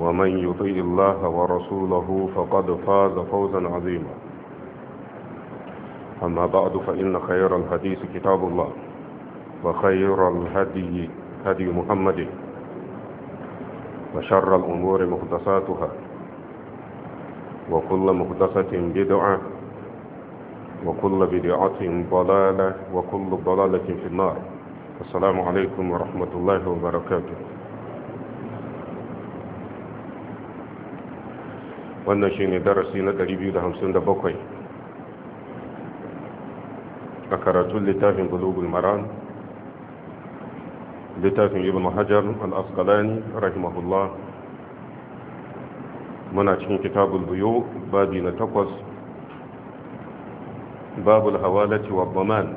ومن يطيع الله ورسوله فقد فاز فوزا عظيما أما بعد فإن خير الحديث كتاب الله وخير الهدي هدي محمد وشر الأمور مقدساتها وكل مقدسة بدعة وكل بدعة ضلالة وكل ضلالة في النار السلام عليكم ورحمة الله وبركاته wannan shi ne darasi na 257 a karatun littafin bulugul maran littafin ibn hajar al askalani rahimahullah muna cikin kitabul buyo babi na takwas babul hawalati wa baman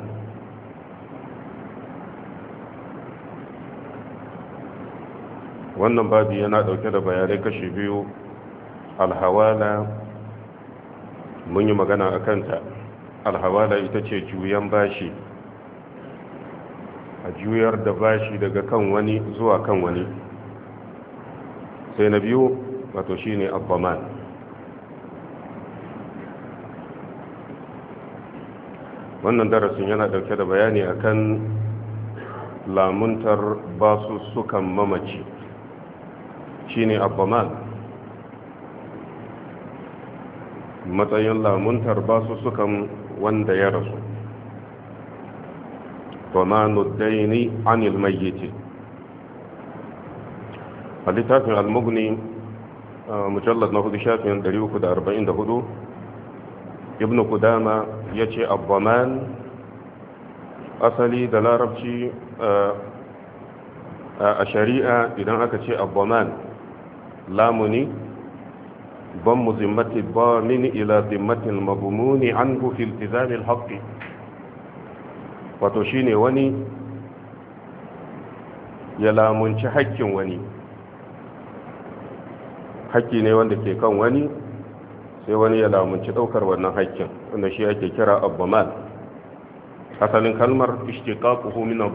wannan babi yana dauke da bayanai kashi biyu alhawala mun yi magana a kanta alhawala ita ce juyan bashi a juyar da bashi daga kan wani zuwa kan wani sai na biyu wato shi ne abbaman wannan darasin yana dauke da bayani akan lamuntar basu sukan mamaci shi ne abbaman matsayin lamuntar basu sukan wanda ya rasu kuma nuddaini mai ilmayyace a littafin almugni mujallar na hudu shafin 344 ibn kudama ya ce abbaman asali da larabci a shari'a idan aka ce abbaman lamuni ضم ذمة الضامن إلى ذمة المضمون عنه في التزام الحق وتشيني وني يلا منش حج وني حج ني wanda كي كان وني sai wani ya lamunci ɗaukar wannan haƙƙin wanda shi ake kira abbamal asalin kalmar ishtiqaquhu min ad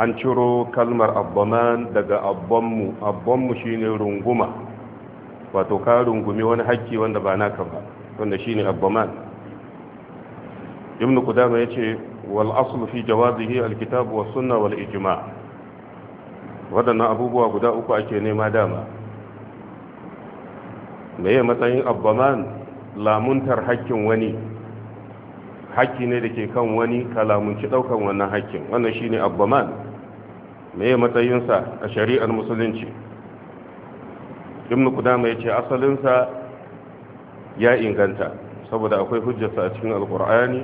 an ciro kalmar abbaman daga abbanmu abbanmu shine runguma wato ka rungumi wani hakki wanda ba naka ba wanda shine abbaman ibnu kudama yace wal aslu fi jawazihi al kitab sunna wal ijma Waɗannan abubuwa guda uku ake nema dama ya matsayin abbaman lamuntar hakkin wani hakki ne da ke kan wani ka lamunci daukan wannan hakkin wannan shine abbaman ya matsayinsa a shari'ar musulunci ibn qudama yace asalinsa ya inganta saboda akwai hujjarsa a cikin alqur'ani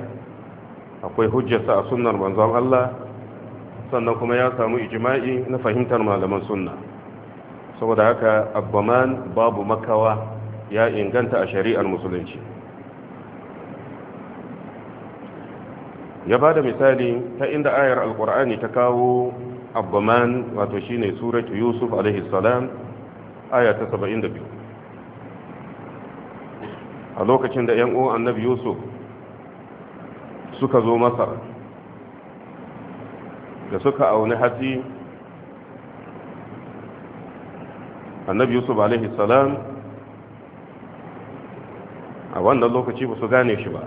akwai hujjarsa a sunnar manzon Allah sannan kuma ya samu ijma'i na fahimtar malaman sunna saboda haka abbaman babu makawa ya inganta a shari'ar musulunci ya ba da misali ta inda ayar alkur'ani ta kawo abbaman wato shine suratu yusuf alaihi salam aya ta 72 a lokacin da yan uwan annabi yusuf suka zo masar da suka auni hatsi annabi yusuf alaihi salam a wannan lokaci ba su gane shi ba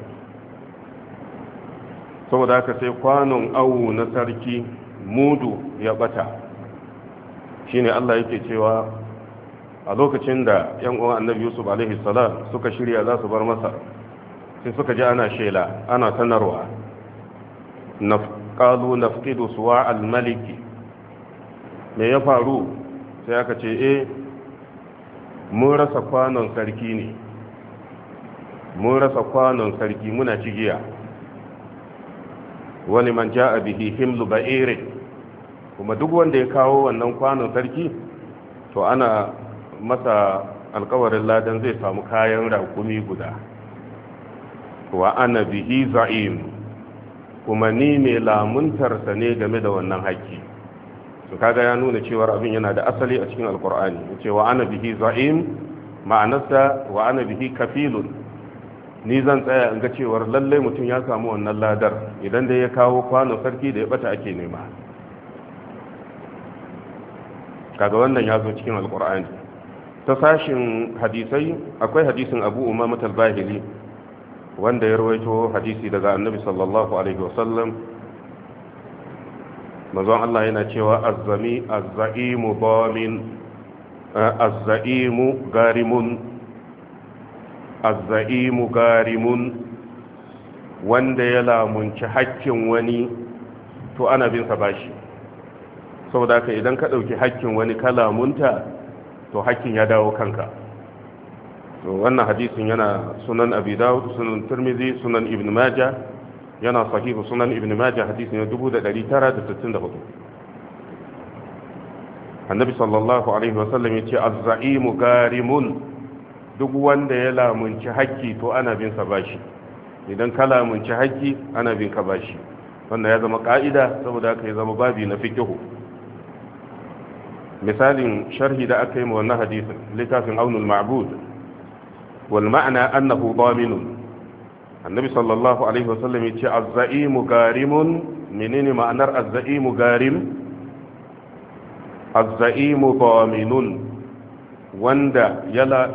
saboda haka sai kwanon awu na sarki mudu ya bata shine allah yake cewa a lokacin da yan uwan annabi yusuf alaihi salam suka shirya za su bar masar sai suka ji ana shela ana sanarwa qalu nafqidu suwa al me ya faru sai aka ce eh mun rasa kwanon sarki ne mun rasa kwanon sarki muna cigiya wani man ja'a bihi himlu ba'ire kuma duk wanda ya kawo wannan kwanon sarki to ana masa alkawarin ladan zai samu kayan raƙumi guda wa ana bihi za'im kuma ni mai lamuntarsa ne game da wannan haƙƙi su kaga ya nuna cewar abin yana da asali a cikin alkur'ani ce wa ana bihi za'im ma'anarsa wa ana bihi kafilun ni zan tsaya in ga cewar lalle mutum ya samu wannan ladar idan da ya kawo kwano sarki da ya bata ake nema kaga wannan ya zo cikin alkur'ani ta sashin hadisai akwai hadisin abu umama talbahili wanda ya rawaito hadisi daga annabi sallallahu alaihi wasallam mazan Allah yana cewa azami azza'imu bamin azza'imu garimun azza'imu garimun wanda ya lamunci haƙƙin wani to ana bin sa bashi saboda ka idan ka dauki haƙƙin wani kala-munta. to hakkin ya dawo kanka to wannan hadisin yana sunan abi dawud sunan tirmidhi sunan ibn majah yana sahihu sunan ibn majah hadisi ne 1964 annabi sallallahu alaihi wa wasallam yace az-za'imu garimun duk wanda ya lamunci haƙƙi to ana bin sa bashi idan ka lamunci haƙƙi ana bin ka bashi wannan ya zama ka'ida saboda haka ya zama babi na fiqhu misalin sharhi da aka yi ma wannan hadisin littafin aunul ma'bud wal ma'ana annahu daminun annabi sallallahu alaihi wasallam ya ce azza'imu garimun menene ma'anar azza'imu garim azza'imu daminun wanda yala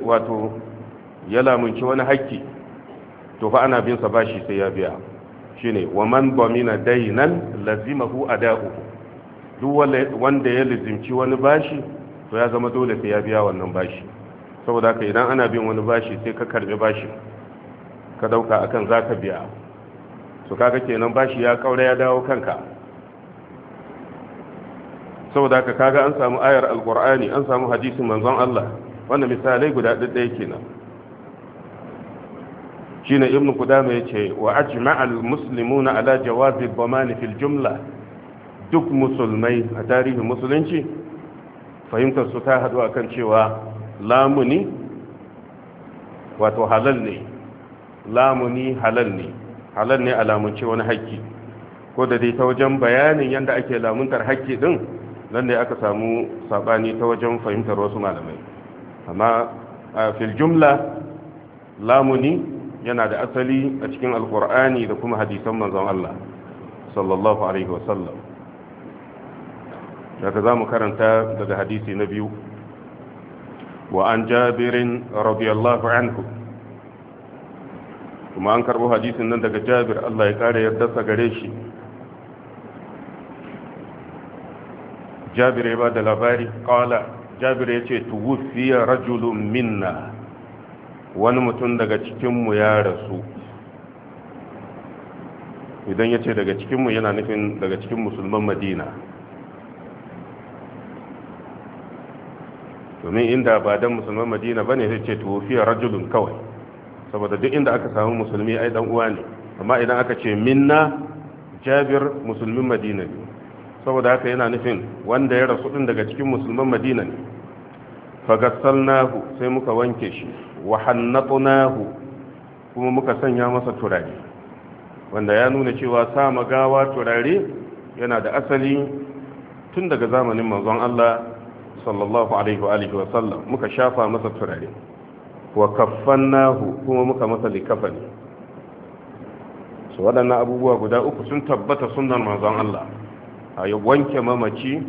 wato ya lamunci wani haƙƙi to fa ana bin sa bashi sai ya biya shine wa man damina dainan lazimahu ada'uhu duk wanda ya lizimci wani bashi to ya zama dole sai ya biya wannan bashi saboda ka idan ana bin wani bashi sai ka karbi bashi ka dauka akan zaka biya to kaga kenan bashi ya kaura ya dawo kanka saboda ka, kaga an samu ayar alqur'ani an samu hadisin manzon Allah wannan misalai guda ɗaya kenan shine ibnu qudama yace wa ajma'a al-muslimuna ala jawazi dhamani fil jumla duk musulmai a tarihin musulunci fahimtar su ta haɗu kan cewa lamuni wato halal ne lamuni halal ne halal ne a lamunce wani haƙƙi ko da dai ta wajen bayanin yadda ake lamuntar haƙƙi ɗin nan ne aka samu saɓani ta wajen fahimtar wasu malamai amma a fil jumla lamuni yana da asali a cikin alƙur'ani da kuma hadisan manzon Allah sallallahu alaihi wasallam daga za mu karanta daga hadisi na biyu wa an jabirin radiyallahu anhu kuma an karbo hadisin nan daga jabir Allah ya kare yardarsa gare shi jabir ya ba da labari kala jabir ya ce tuwufiya rajulun minna wani mutum daga cikinmu ya rasu idan ya ce daga cikinmu yana nufin daga cikin musulman madina domin inda ba dan musulman madina bane sai ce tuwfiya rajulun kawai saboda duk inda aka samu musulmi ai dan uwa ne amma idan aka ce minna jabir musulmin madina ne saboda haka yana nufin wanda ya rasu din daga cikin musulman madina ne fagassalnahu sai muka wanke shi wa hannatunahu kuma muka sanya masa turare wanda ya nuna cewa sa magawa turare yana da asali tun daga zamanin manzon Allah sallallahu alaihi wa alihi wa sallam muka shafa masa turare wa kaffannahu kuma muka masa likafani su waɗannan abubuwa guda uku sun tabbata sunan manzon Allah a yi wanke mamaci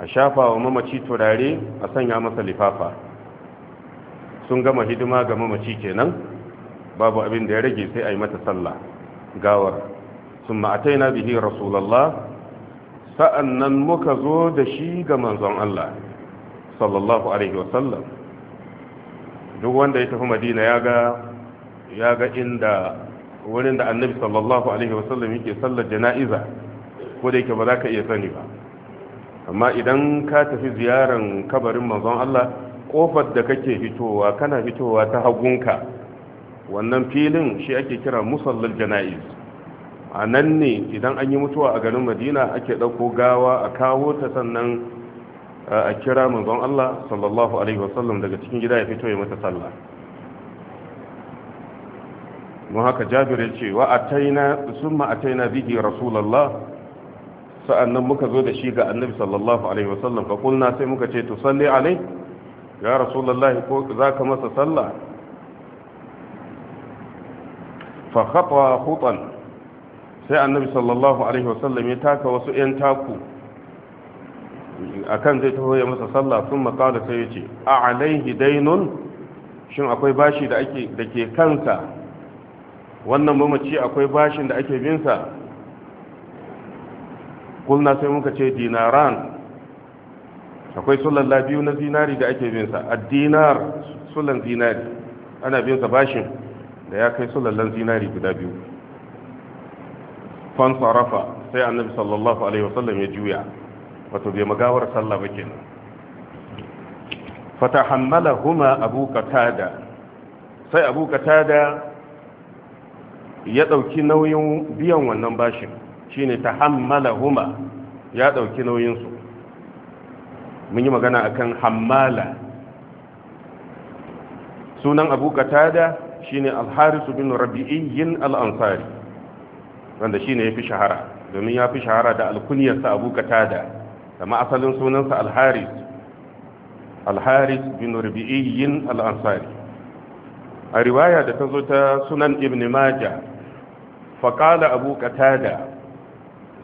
a shafa wa mamaci turare a sanya masa lifafa sun gama hidima ga mamaci kenan babu abin da ya rage sai a yi mata sallah gawar sun ma'atai na bihi rasulallah sa'an nan muka zo da shi ga manzon Allah sallallahu alaihi wasallam duk wanda ya tafi madina ya ga ya ga inda wurin da annabi sallallahu alaihi wasallam yake sallar jana'iza ko da yake ba za ka iya sani ba amma idan ka tafi ziyaran kabarin manzon Allah kofar da kake fitowa kana fitowa ta hagunka wannan filin shi ake kira musallar jana'iz a nan ne idan an yi mutuwa a garin madina ake ɗauko gawa a kawo ta sannan a kira manzon Allah sallallahu alaihi wasallam daga cikin gida ya fito ya mata sallah mu haka jabir ya ce wa ataina summa ataina bihi rasulullah sa'annan muka zo da shi ga annabi sallallahu alaihi wasallam fa kulna sai muka ce to salli alai ya rasulullah ko zaka masa sallah fa khata khutan sai annabi sallallahu alaihi wasallam ya taka wasu yan taku akan zai taho ya masa sallah sun makala sai ya ce a alaihi dainun shin akwai bashi da ke kansa wannan mamaci akwai bashin da ake binsa kulna sai muka ce dinaran akwai sulan labiyu na zinari da ake binsa a dinar sulan zinari ana binsa bashin da ya kai sulallan zinari guda biyu fan sarrafa sai annabi sallallahu alaihi wasallam ya juya wato bai magawar sallah ba kenan fatahammalahuma abu qatada sai abu ya dauki nauyin biyan wannan bashin shine huma ya dauki nauyin mun yi magana akan hammala sunan abu qatada shine al-haris bin rabi'iyyin al-ansari wanda shine yafi shahara domin yafi shahara da alkuniyarsa abu kama asalin sunansa al-haris al-haris bin rubi'iyyin al-ansari a riwaya da ta zo ta sunan ibn maja faƙala abu qatada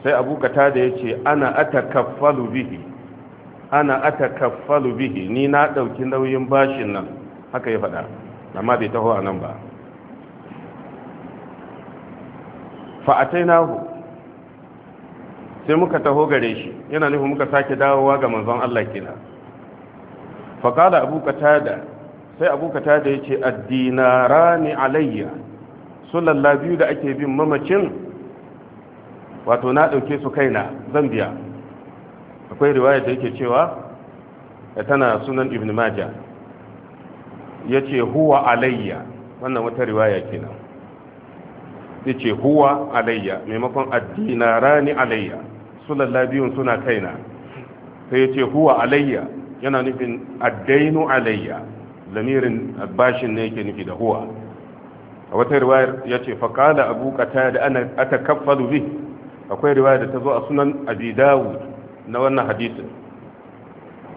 sai abu ya ce ana atakaffalu bihi ana atakaffalu bihi ni na ɗauki nauyin bashin nan haka ya faɗa amma bai taho a nan ba fa'atainahu sai muka taho gare shi yana nufin muka sake dawowa ga manzon Allah kina faƙala abu katada sai abu katada ya ce addinara alayya su biyu da ake bin mamacin wato na dauke su kaina zan biya akwai riwaya da yake cewa tana sunan ibn maja ya ce huwa alayya wannan wata riwaya kenan ya ce huwa alayya maimakon addinara dinarani alayya su biyun suna kaina sai ya ce huwa alayya yana nufin addainu alayya lamirin bashin ne yake nufi da huwa a wata riwayar ya ce faƙala abu kata da ana aka kafalu bi akwai riwayar da ta zo a sunan abi dawud na wannan hadisin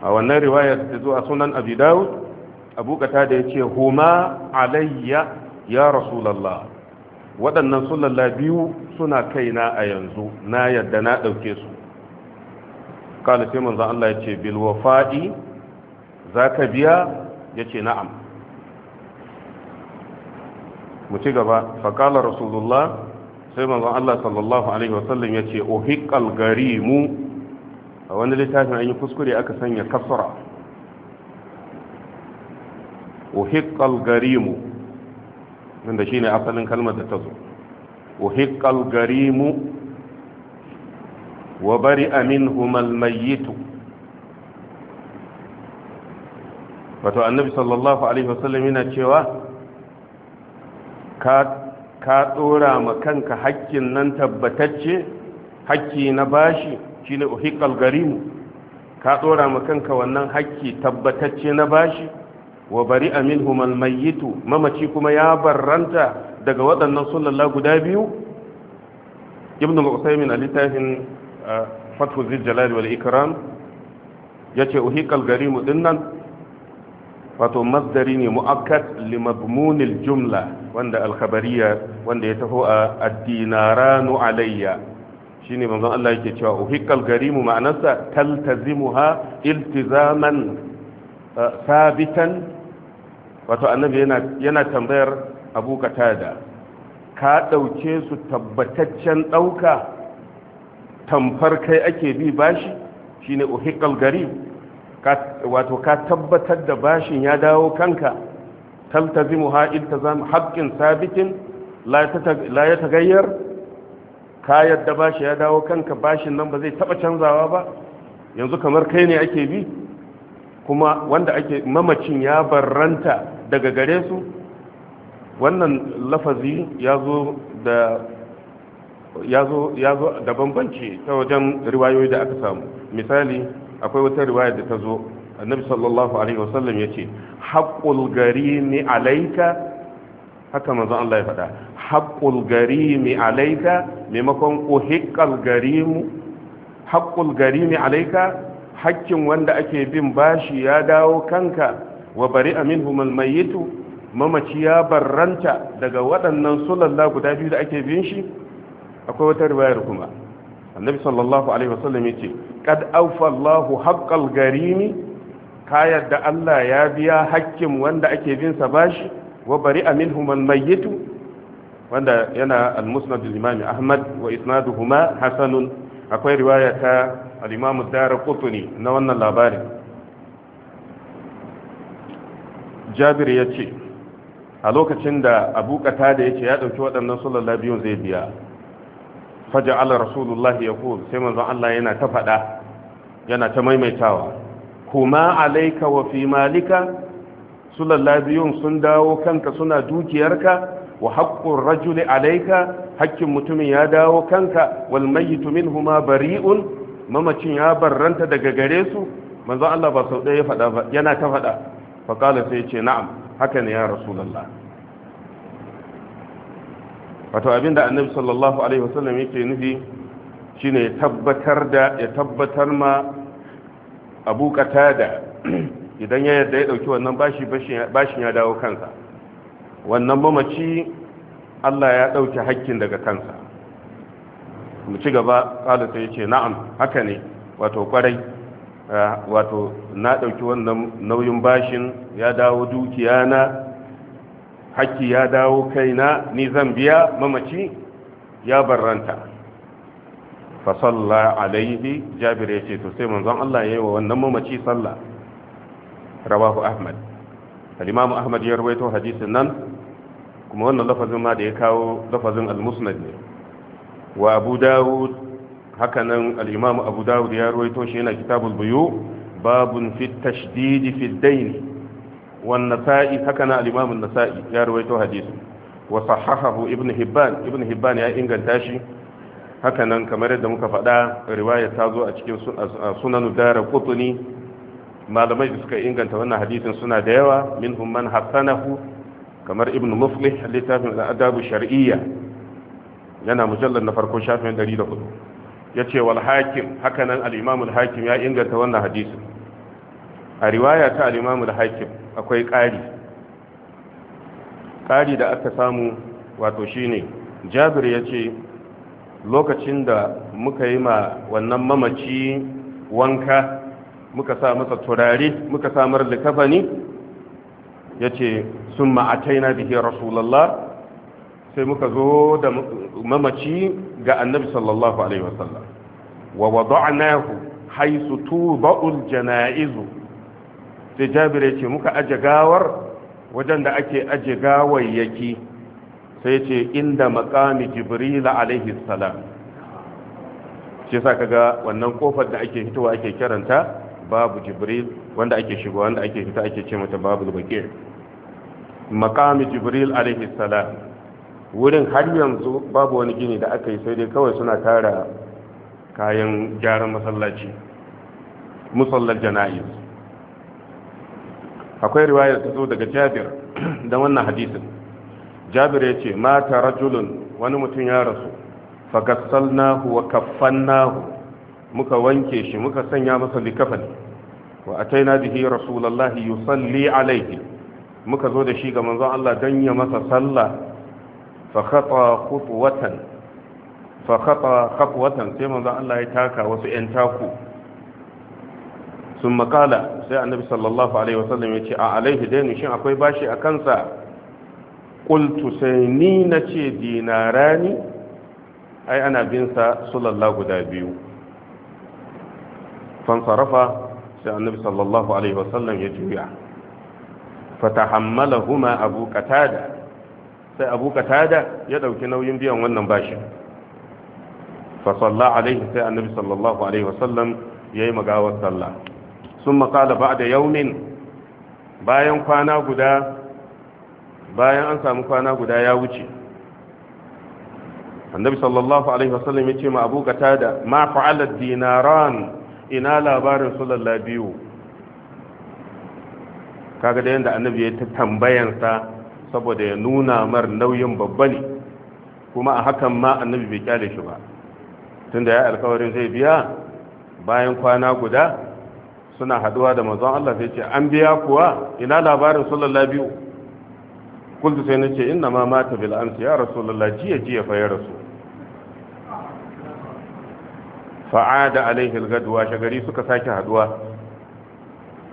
a wannan riwayar da ta zo a sunan abi dawud abu kata da ya ce huma alayya ya rasulallah waɗannan sulalla biyu suna kaina a yanzu na yadda na ɗauke su kala sai manzan Allah ya ce bilwafa'i za ka biya ya ce na'am mu ci gaba faƙalar rasulullah sai manzan Allah sallallahu alaihi wasallam ya ce ohiƙal gari mu a wani littafin an yi kuskure aka sanya kasura ohiƙal gari mu wanda ne asalin kalmar da ta zo uhiqqal garimu wa bari minhum al-mayyit wato annabi sallallahu alaihi wasallam yana cewa ka ka ma kanka haƙƙin nan tabbatacce haƙƙi na bashi shine uhiqqal garimu ka dora ma kanka wannan haƙƙi tabbatacce na bashi wa bari minhum almayyitu mamaci kuma ya barranta daga waɗannan sullalla guda biyu ibn al-usaymin a littafin fathu zijjalal wal ikram yace uhiqal garimu dinnan wato masdari ne mu'akkad li madmunil jumla wanda al-khabariya wanda ya taho a ad-dinaranu alayya shine manzon Allah yake cewa uhiqal garimu ma'anarsa taltazimuha iltizaman sabitan wato annabi yana tambayar abu katada ka ɗauke su tabbataccen ɗauka tamfar kai ake bi bashi shine uhikal gari wato ka tabbatar da bashin ya dawo kanka taltazimu ha'il tazam haqqin sabitin la ya tagayyar ka yadda bashi ya dawo kanka bashin nan ba zai taba canzawa ba yanzu kamar kai ne ake bi kuma wanda ake mamacin ya barranta daga gare su wannan lafazi ya zo da ya zo da bambanci ta wajen riwayoyi da aka samu misali akwai wata riwaya da ta zo annabi sallallahu alaihi wasallam ya ce haƙƙul gari ni alaika haka manzo Allah ya faɗa haƙƙul gari mi alaika maimakon uhiƙƙal gari mu haƙƙul gari mi alaika haƙƙin wanda ake bin bashi ya dawo kanka wa bari aminhum almayyitu mamaci ya barranta daga waɗannan sulalla guda biyu da ake bin shi akwai wata riwayar kuma annabi sallallahu alaihi wasallam yace qad awfa Allahu haqqal garimi ka da Allah ya biya hakkin wanda ake bin sa bashi wa bari aminhum almayyit wanda yana al-musnad al-imam Ahmad wa isnaduhuma hasanun akwai riwaya ta al-imam darqutni na wannan labarin jabir ya ce a lokacin da abu kata da ya ce ya ɗauki waɗannan sulalla zai biya faja ala rasulullah ya sai manzon Allah yana ta faɗa yana ta maimaitawa kuma alaika wa fi malika sulalla biyun sun dawo kanka suna dukiyarka wa haƙƙun rajuli alaika haƙƙin mutumin ya dawo kanka wal mayyitu huma bari'un mamacin ya barranta daga gare su manzo Allah ba sau ɗaya ya ba yana ta faɗa faƙala sai ce na'am haka ne ya rasulallah wato abinda annabi sallallahu alaihi wasallam yake nufi shine ya tabbatar da ya tabbatar ma abu da idan ya yadda ya dauki wannan bashi bashin ya dawo kansa wannan mamaci Allah ya ɗauki hakkin daga kansa mu ci gaba kala ya ce na'am haka ne wato kwarai Eh, wato na ɗauki wannan nauyin bashin ya dawo dukiya na hakki ya dawo kaina ni zan biya mamaci ya barranta fasalla alaihi jabir ya ce to sai manzon Allah ya yi wa wannan mamaci sallah rawahu ahmad al-imam ahmad ya rawaito hadisin nan kuma wannan lafazin ma da ya kawo lafazin al-musnad ne wa abu dawud hakanan al’imamu abu dawud ya ruwaito shi yana kitabul buyu babun fi tashdidi fi daini wan nasa'i hakanan al na nasai ya ruwaito hadisi wa sahahahu ibn hibban ibn hibban ya inganta shi hakanan kamar yadda muka faɗa riwaya ta zo a cikin sunan dara kutuni malamai da suka inganta wannan hadisin suna da yawa min man hassanahu kamar ibn Mufli littafin al'adabu shar'iyya yana mujallar na farko shafin 104 ya ce wal hakim hakanan al'imamul hakim ya inganta wannan hadisi a riwaya ta al'imamul hakim akwai ƙari ƙari da aka samu wato shine jabir ya ce lokacin da muka yi ma wannan mamaci wanka muka sa masa turare muka samar likafani ya ce sun ma'atai na bihe rasulallah sai muka zo da mamaci ga annabi sallallahu alaihi wasallam wa wada'nahu haythu tuba'ul jana'izu. sai jabir ya ce muka aje gawar wajen da ake aje gawayyaki sai ce inda maqami jibril alaihi salam shi sa kaga wannan kofar da ake hitowa ake kiranta babu jibril wanda ake shigo wanda ake fita ake ce mata babu baqi maqami jibril alaihi salam wurin har yanzu babu wani gini da aka yi sai dai kawai suna tara kayan gyaran masallaci musallar jana'iz akwai riwaya ta zo daga jabir da wannan hadisin jabir ya ce mata rajulun wani mutum ya rasu fagasal nahu wa kaffan nahu muka wanke shi muka sanya masa likafani wa a taina bihi rasulallahi yusalli alaihi muka zo da shi ga manzon Allah don ya masa sallah fakhata khutwatan fakhata khutwatan sai manzo Allah ya taka wasu ƴan taku summa qala sai annabi sallallahu alaihi wasallam ya ce a alaihi dainu shin akwai bashi a kansa qultu sai ni na ce dinara dinarani ai ana bin sa sallallahu guda biyu fansarafa sai annabi sallallahu alaihi wasallam ya juya hammala fatahammalahuma abu qatada sai abu katada ya dauki nauyin biyan wannan bashi fa salla alaihi sai annabi sallallahu alaihi wasallam yayi magawar sallah Sun summa qala da yawmin bayan kwana guda bayan an samu kwana guda ya wuce annabi sallallahu alaihi wasallam ya ce ma abu katada ma fa'ala dinaran ina labarin su biyu kaga da yanda annabi ya ta tambayansa saboda ya nuna mar nauyin babba ne kuma a hakan ma annabi bai kyale shi ba tunda ya alkawarin zai biya bayan kwana guda suna haduwa da manzon Allah sai ce an biya kuwa ina labarin sallallahu biyu kullu sai nace inna ma mata bil amsi ya rasulullahi jiya jiya fa ya rasu fa'ada alaihi shagari suka sake haduwa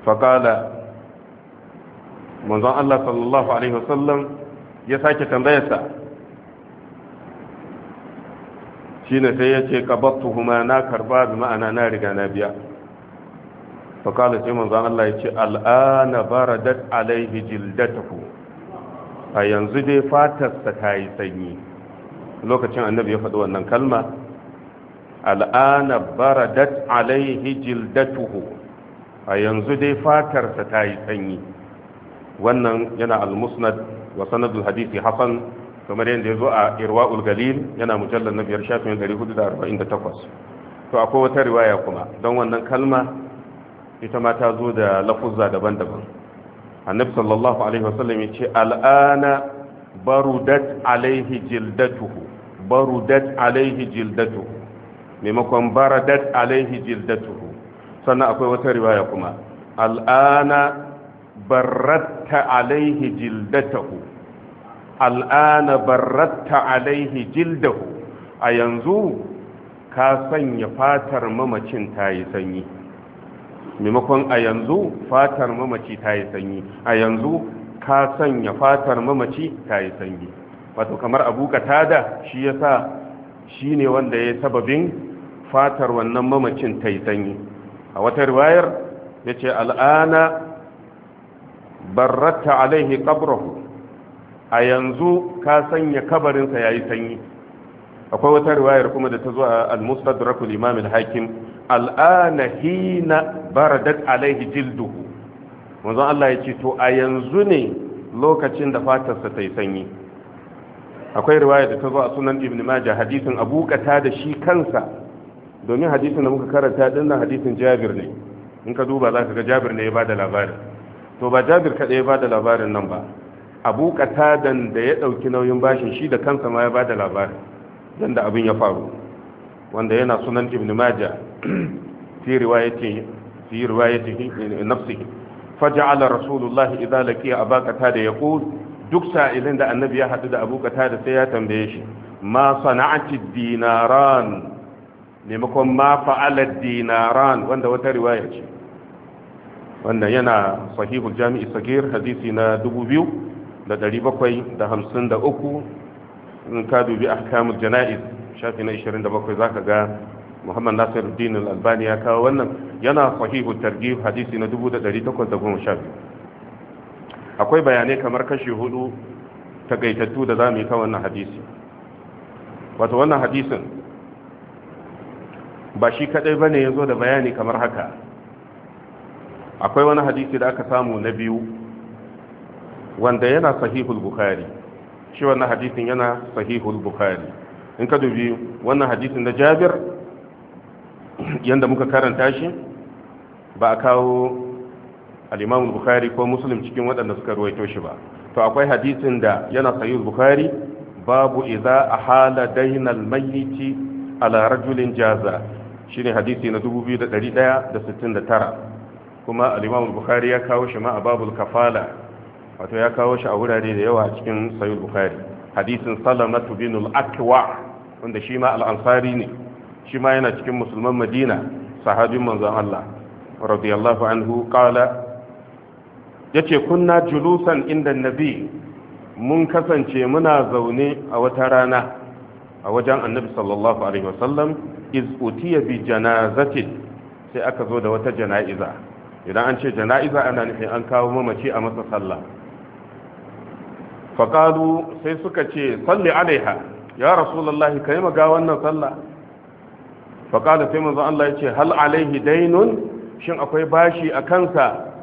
faqala manzon Allah sallallahu alaihi wasallam ya sake tambayarsa Shi shine sai ya ce qabattuhuma na karba bi ma'ana na riga na biya fa kala sai manzon Allah ya ce al'ana baradat alaihi jildatuhu a yanzu dai fatarsa ta yi sanyi lokacin annabi ya faɗi wannan kalma al'ana baradat alaihi jildatuhu a yanzu dai fatarsa ta yi sanyi wannan yana al-musnad wa sanadul hadisi hasan kamar yadda ya zo a irwa'ul galil yana mujallar na biyar shafin 448 to akwai wata riwaya kuma don wannan kalma ita ma ta zo da lafuzza daban-daban annabi sallallahu alaihi wasallam ya ce al'ana barudat alaihi jildatuhu barudat alaihi jildatuhu maimakon baradat alaihi jildatuhu sannan akwai wata riwaya kuma al'ana barrata alaihi jildatahu al'ana barratta alaihi jildahu a yanzu ka sanya fatar mamacin ta yi sanyi maimakon a yanzu fatar mamaci ta yi sanyi a yanzu ka sanya fatar mamaci ta yi sanyi wato kamar abu katada shi ya sa shi ne wanda ya yi sababin fatar wannan mamacin ta yi sanyi a wata riwayar yace al'ana barratta alaihi qabrahu a yanzu ka sanya kabarinsa yayi sanyi akwai wata riwayar kuma da ta zuwa a al-mustadrak al-imam al-hakim al'ana hina baradat alaihi jilduhu wanzu Allah ya ce to a yanzu ne lokacin da fatarsa ta yi sanyi akwai riwaya da ta zuwa a sunan ibn majah hadisin abu kata da shi kansa domin hadisin da muka karanta dinnan hadisin jabir ne in ka duba za ka ga jabir ne ya bada labarin to ba jabir kaɗai ya ba da labarin nan ba abu katadan da ya ɗauki nauyin bashin shi da kansa ma ya ba da labarin don da abin ya faru wanda yana sunan ibn majah fi riwayati fi riwayati eh, nafsihi faja'ala rasulullah idza laqiya abu qatada yaqul duk sa'ilin da annabi ya hadu da abu qatada sai ya tambaye shi ma sana'ati dinaran maimakon ma fa'ala dinaran wanda wata riwaya ce wannan yana sahihul jami'i sagir hadisi na 2753 in ka dubi ahkamul jana'iz shafi na 27 zaka ga muhammad nasiruddin al-albani ya kawo wannan yana sahihul targhib hadisi na 1812 akwai bayanai kamar kashi hudu takaitattu da zamu yi kan wannan hadisi wato wannan hadisin ba shi kadai bane yazo da bayani kamar haka akwai wani hadisi da aka samu na biyu wanda yana sahihul bukhari shi wannan hadisin yana sahihul bukhari in ka dubi wannan hadisin na jabir yanda muka karanta shi ba a kawo al'imam bukhari ko muslim cikin waɗanda suka ruwaito shi ba to akwai hadisin da yana sahihul bukhari babu iza a hala dainal mayyiti ala rajulin jaza shine hadisi na 2169 kuma al bukhari ya kawo shi ma a kafala wato ya kawo shi a wurare da yawa cikin sahih bukhari hadisin salamatu bin akwa wanda shi ma al'ansari ne shi ma yana cikin musulman madina sahabin manzon Allah radiyallahu anhu qala yace kunna julusan inda nabi mun kasance muna zaune a wata rana a wajen annabi sallallahu alaihi wasallam iz utiya bi sai aka zo da wata jana'iza idan an ce jana'iza ana nufin an kawo mamaci a masa sallah faƙalu sai suka ce salli alaiha ya rasulallahi ka yi maga wannan sallah faƙalu sai manzon Allah ya ce hal alaihi dainun shin akwai bashi a kansa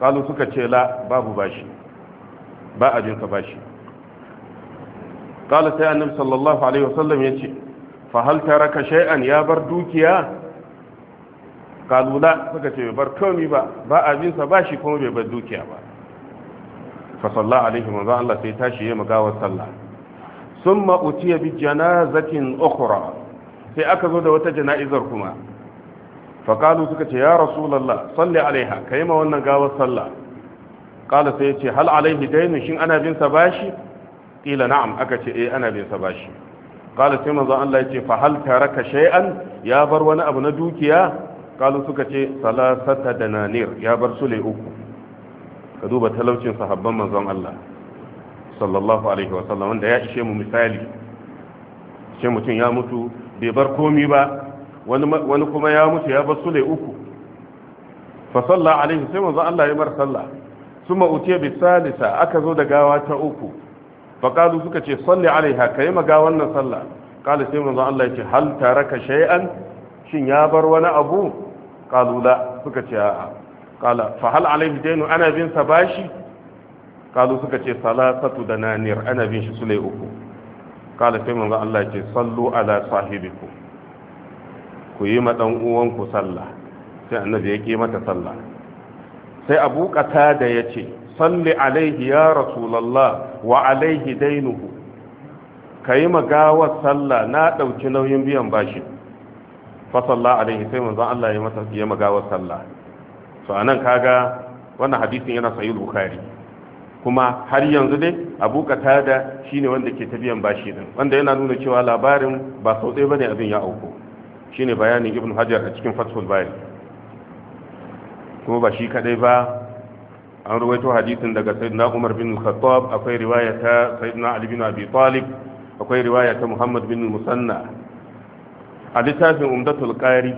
ƙalu suka ce la babu bashi ba a jinsa bashi ƙalu sai annabi sallallahu alaihi wasallam ya ce fa hal taraka shay'an ya bar dukiya kalula suka ce bar komi ba ba abinsa ba shi kuma bai bar dukiya ba fa sallallahu alaihi wa Allah sai tashi ya magawar sallah summa utiya bi janazatin ukhra sai aka zo da wata jana'izar kuma fa kalu suka ce ya rasulullah salli alaiha kai ma wannan gawar sallah kala sai ce hal alaihi dainu shin ana bin sa bashi kila na'am aka ce eh ana bin sa bashi kala sai manzo Allah ya ce fa hal taraka shay'an ya bar wani abu na dukiya kalu suka ce salasata da nanir ya bar sule uku ka duba talaucin sahabban manzon Allah sallallahu alaihi wa sallam wanda ya ishe mu misali shi mutum ya mutu bai bar komi ba wani kuma ya mutu ya bar sule uku fa salla alaihi sai manzon Allah ya mar salla suma utiya bi salisa aka zo da gawa ta uku fa kalu suka ce salli alaiha kai ma ga wannan sallah kala sai manzon Allah ya ce hal taraka shay'an shin ya bar wani abu Kalula suka ce a'a kala fa hal alayhi daynu ana bin sa bashi Kalu suka ce salasatu dananir ana bin shi sulai uku Kala sai manzo Allah ya ce sallu ala sahibikum ku yi ma dan uwanku sallah sai annabi ya ki mata sallah sai abu ya ce salli alaihi ya rasulullah wa alaihi dainuhu ka yi magawar sallah na ɗauki nauyin biyan bashi fasalla alaihi sai manzon Allah ya masa ya magawar sallah to anan kaga wannan hadisin yana sahih bukhari kuma har yanzu dai abu katada shine wanda ke tabiyan bashi din wanda yana nuna cewa labarin ba sau ɗaya bane abin ya auku shine bayanin ibnu hajar a cikin fathul bari kuma ba shi kadai ba an ruwaito hadisin daga sayyidina umar bin khattab akwai riwaya ta sayyidina ali bin abi talib akwai riwaya ta muhammad bin musanna a littafin umdatul ƙari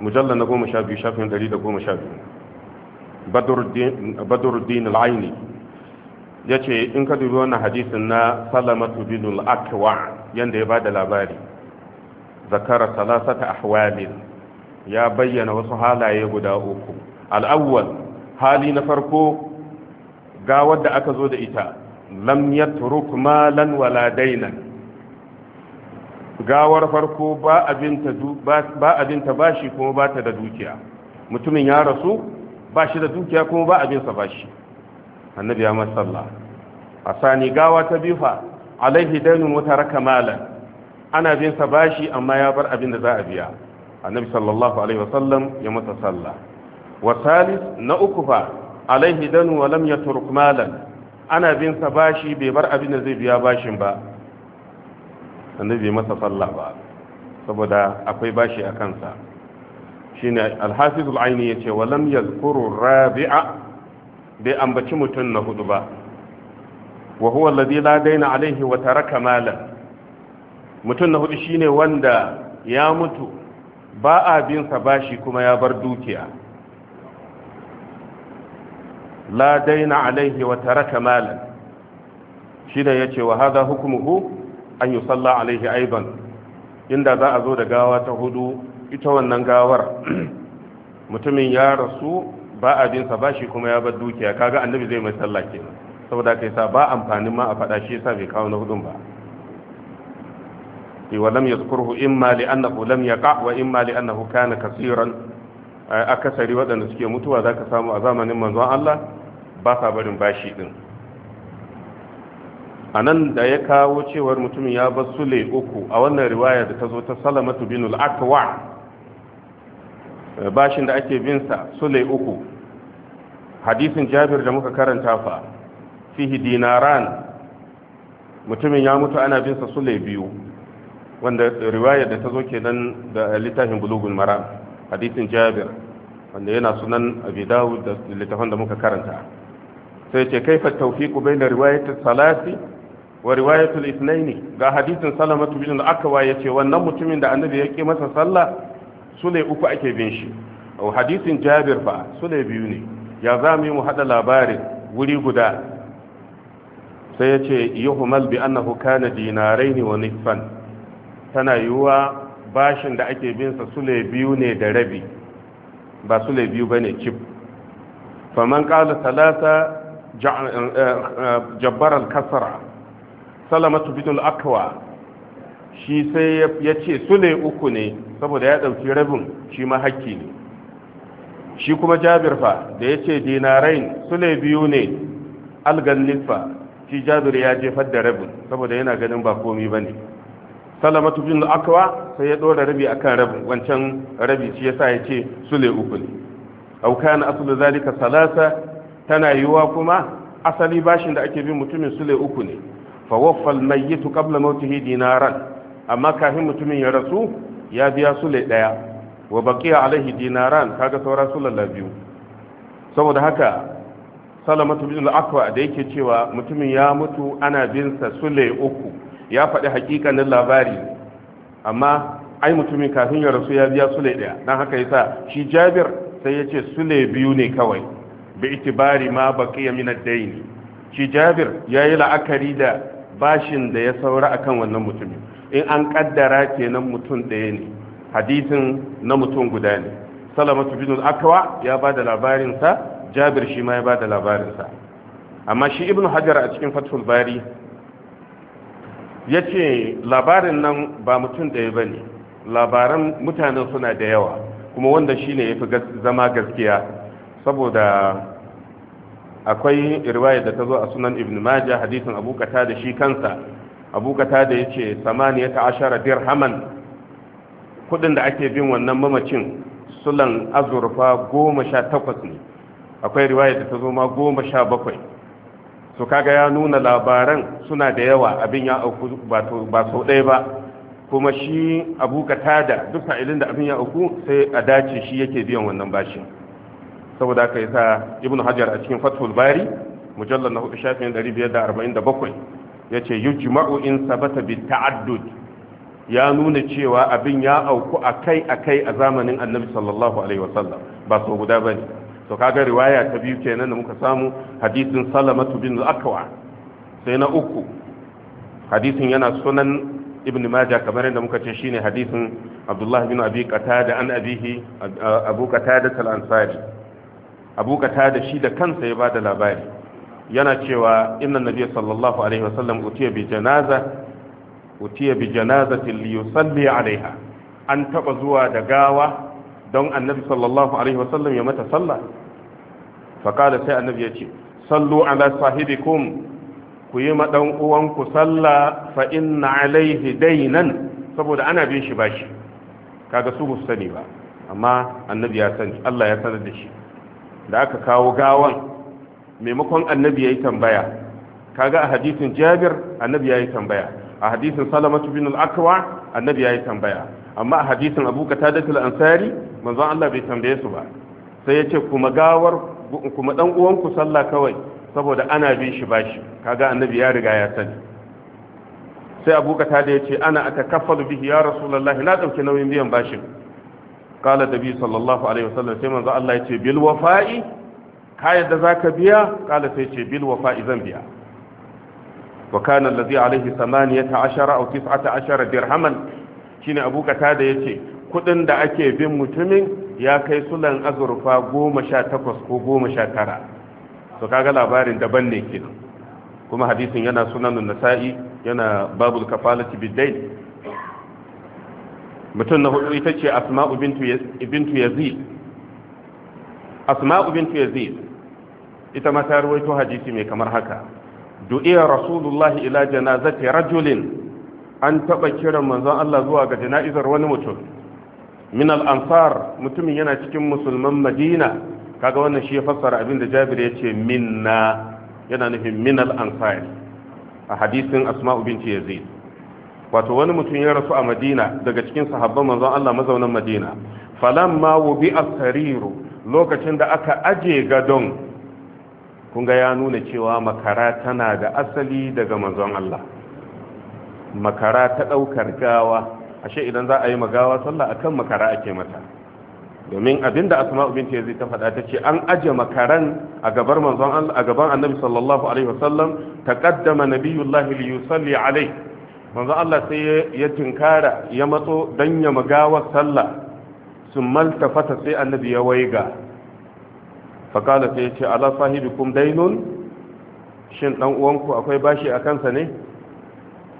mujallar na goma sha biyu shafin dari da goma sha biyu badruddin ya ce in ka dubi wannan hadisin na salamatu bin al'akwa yadda yanda ya da labari zakara salasata ahwalin ya bayyana wasu halaye guda uku al'awwal hali na farko ga wadda aka zo da ita lam yatruk malan wala dainan gawar farko ba abinta ba shi kuma ba ta da dukiya mutumin ya rasu ba shi da dukiya kuma ba abinsa ba shi annabi ya masalla a sani gawa ta bifa alaihi dainin wata raka malan ana binsa ba shi amma ya bar abin da za a biya annabi sallallahu alaihi wasallam ya masa sallah wa salis na uku fa alaihi dainu wa lam yaturk malan ana binsa ba shi bai bar abin da zai biya bashin ba annabi masa sallah ba saboda akwai bashi a kansa shi alhafiz al-aini yace wa lam yadhkuru rabi'a bai ambaci mutum na hudu ba wa huwa la daina alaihi wa taraka kamalan. mutum na hudu shine wanda ya mutu ba a bin sa bashi kuma ya bar dukiya la daina alaihi wa taraka Shida ya yace wa hadha hukmuhu an yi salla alaihi aiban inda za a zo da gawa ta hudu ita wannan gawar mutumin ya rasu ba a binsa ba shi kuma ya bar dukiya kaga annabi zai mai salla kenan saboda kai sa ba amfanin ma a faɗa shi yasa bai kawo na hudun ba ولم يذكره إما لأنه لم يقع وإما لأنه كان كثيرا أكثر ودن سكي متوى ذاك سامو أزاما من ذا الله باسا برن باشي دن a nan da ya kawo cewar mutumin ya bar sule uku a wannan riwaya da ta zo ta salamatu bin al'akwa eh, bashin da ake binsa sule uku hadisin jabir da muka karanta fa fihi dinaran mutumin ya mutu ana binsa sule biyu wanda riwaya da ta zo kenan da littafin bulugun mara hadisin jabir wanda yana sunan abi dawud da littafin da muka karanta sai ce kaifa tawfiqu bayna riwayat salasi wa riwayatul ithnaini ga hadisin salamatu bin al-akwa yace wannan mutumin da annabi ya ki masa sallah sule uku ake bin shi au hadisin jabir fa sule biyu ne ya zami mu hada labarin wuri guda sai yace yuhmal bi annahu kana dinarain wa nisfan tana yiwuwa bashin da ake bin sa sule biyu ne da rabi ba sule biyu bane cip faman qala thalatha eh, eh, jabbar al-kasra salamatu bidul akwa shi sai ya ce su ne uku ne saboda ya ɗauki rabin shi ma haƙƙi ne shi kuma jabir fa da ya ce dinarain su ne biyu ne algan shi jabir ya jefar da rabin saboda yana ganin ba komi ba ne salamatu bidul akwa sai ya ɗora rabi akan rabin wancan rabi shi ya sa ya ce su ne uku ne aukan asulu zalika salasa tana yiwuwa kuma asali bashin da ake bin mutumin sule uku ne fa waffal mayyitu qabla mautihi dinaran amma kafin mutumin ya rasu ya biya sule daya wa baqiya alaihi dinaran kaga saura sulalla biyu saboda haka salamatu bin al-aqwa da yake cewa mutumin ya mutu ana binsa sa sule uku ya faɗi hakikanin labari amma ai mutumin kafin ya rasu ya biya sule ɗaya. dan haka yasa shi Jabir sai ya ce sule biyu ne kawai bi itibari ma baqiya min ad shi jabir ya yi la'akari da bashin da ya saura a kan wannan mutumin in an kaddara kenan mutum ɗaya ne hadisin na mutum guda ne salamatu bin akwa ya ba da labarinsa jabir shi ma ya ba da labarinsa amma shi ibn hajar a cikin fatul bari ya ce labarin nan ba mutum ɗaya ba ne labaran mutanen suna da yawa kuma wanda shi ne ya fi zama gaskiya saboda akwai riwaya da ta zo a sunan ibn majah hadisin abu kata da shi kansa abu kata da ya ce samaniyata ashara dirhaman kudin da ake bin wannan mamacin sulan azurfa goma sha takwas ne akwai riwaya da ta zo ma goma sha bakwai su kaga ya nuna labaran suna da yawa abin ya auku ba sau ɗaya ba kuma shi abu kata da duk sa'ilin da abin ya auku sai a dace shi yake biyan wannan bashin saboda haka sa ibn hajar a cikin fathul bari mujallal na hudu shafin 547 yace yujma'u in sabata bi ta'addud ya nuna cewa abin ya auku a akai a zamanin annabi sallallahu alaihi wasallam ba so guda bane to kaga riwaya ta biyu kenan da muka samu hadisin salamatu bin akwa sai na uku hadisin yana sunan ibn majah kamar yadda muka ce shine hadisin abdullahi bin abi qatada an abihi abu qatada al-ansari abu da shi da kansa ya ba da labari yana cewa inna nabiyya sallallahu alaihi wasallam utiya bi janaza utiya bi janazatin li yusalli alaiha an taba zuwa da gawa don annabi sallallahu alaihi wasallam ya mata sallah fa sai annabi ya ce sallu ala sahibikum ku yi ma dan uwanku sallah fa inna alaihi dainan saboda ana bin shi bashi kaga su ba sani ba amma annabi ya sani Allah ya sanar da shi da aka kawo gawan maimakon annabi ya yi tambaya kaga a hadisin jabir annabi ya yi tambaya a hadisin salamatu bin al'akawa annabi ya yi tambaya amma a hadisin ta qatadatul ansari manzon Allah bai tambaye su ba sai ya ce kuma gawar kuma dan uwanku sallah kawai saboda ana bin shi shi kaga annabi ya riga ya sani sai ta da ya ce ana kafalu bihi ya rasulullahi na dauke nauyin biyan bashin Kala da nabi sallallahu alaihi wasallam sai manzo Allah ce bil wafa'i ka yadda zaka biya kala sai ce bil wafa'i zan biya wa kana alladhi alaihi 18 aw 19 dirhaman shine abu katada yace kudin da ake bin mutumin ya kai sulan azurfa 18 ko 19 to kaga labarin daban ne kenan kuma hadisin yana sunan nasa'i yana babul kafalati bidain mutum na hudu ita ce asma'u bintu yazid asma'u bintu yazid ita ma ta ruwaito hadisi mai kamar haka du'iya rasulullahi ila janazati rajulin an taba kiran manzon Allah zuwa ga jana'izar wani mutum min al-ansar mutumin yana cikin musulman Madina kaga wannan shi ya fassara abin da Jabir ya ce minna yana nufin min al-ansar a hadisin Asma'u Bintu Yazid wato wani mutum ya rasu a madina daga cikin sahabban manzon Allah mazaunan madina ma wubi a sariru lokacin da aka aje gadon Kunga ya nuna cewa makara tana da asali daga manzon Allah makara ta ɗaukar gawa ashe idan za a yi magawa sallah kan makara ake mata domin abinda asma'u binti yazid ta faɗa an aje makaran a gaban manzon Allah a gaban annabi sallallahu alaihi wasallam taqaddama nabiyullahi li yusalli alaihi manzo Allah sai ya tinkara ya matso dan ya magawa sallah sun malta fata sai annabi ya waiga faƙala sai ya ce ala sahibikum dainun shin dan uwanku akwai bashi a kansa ne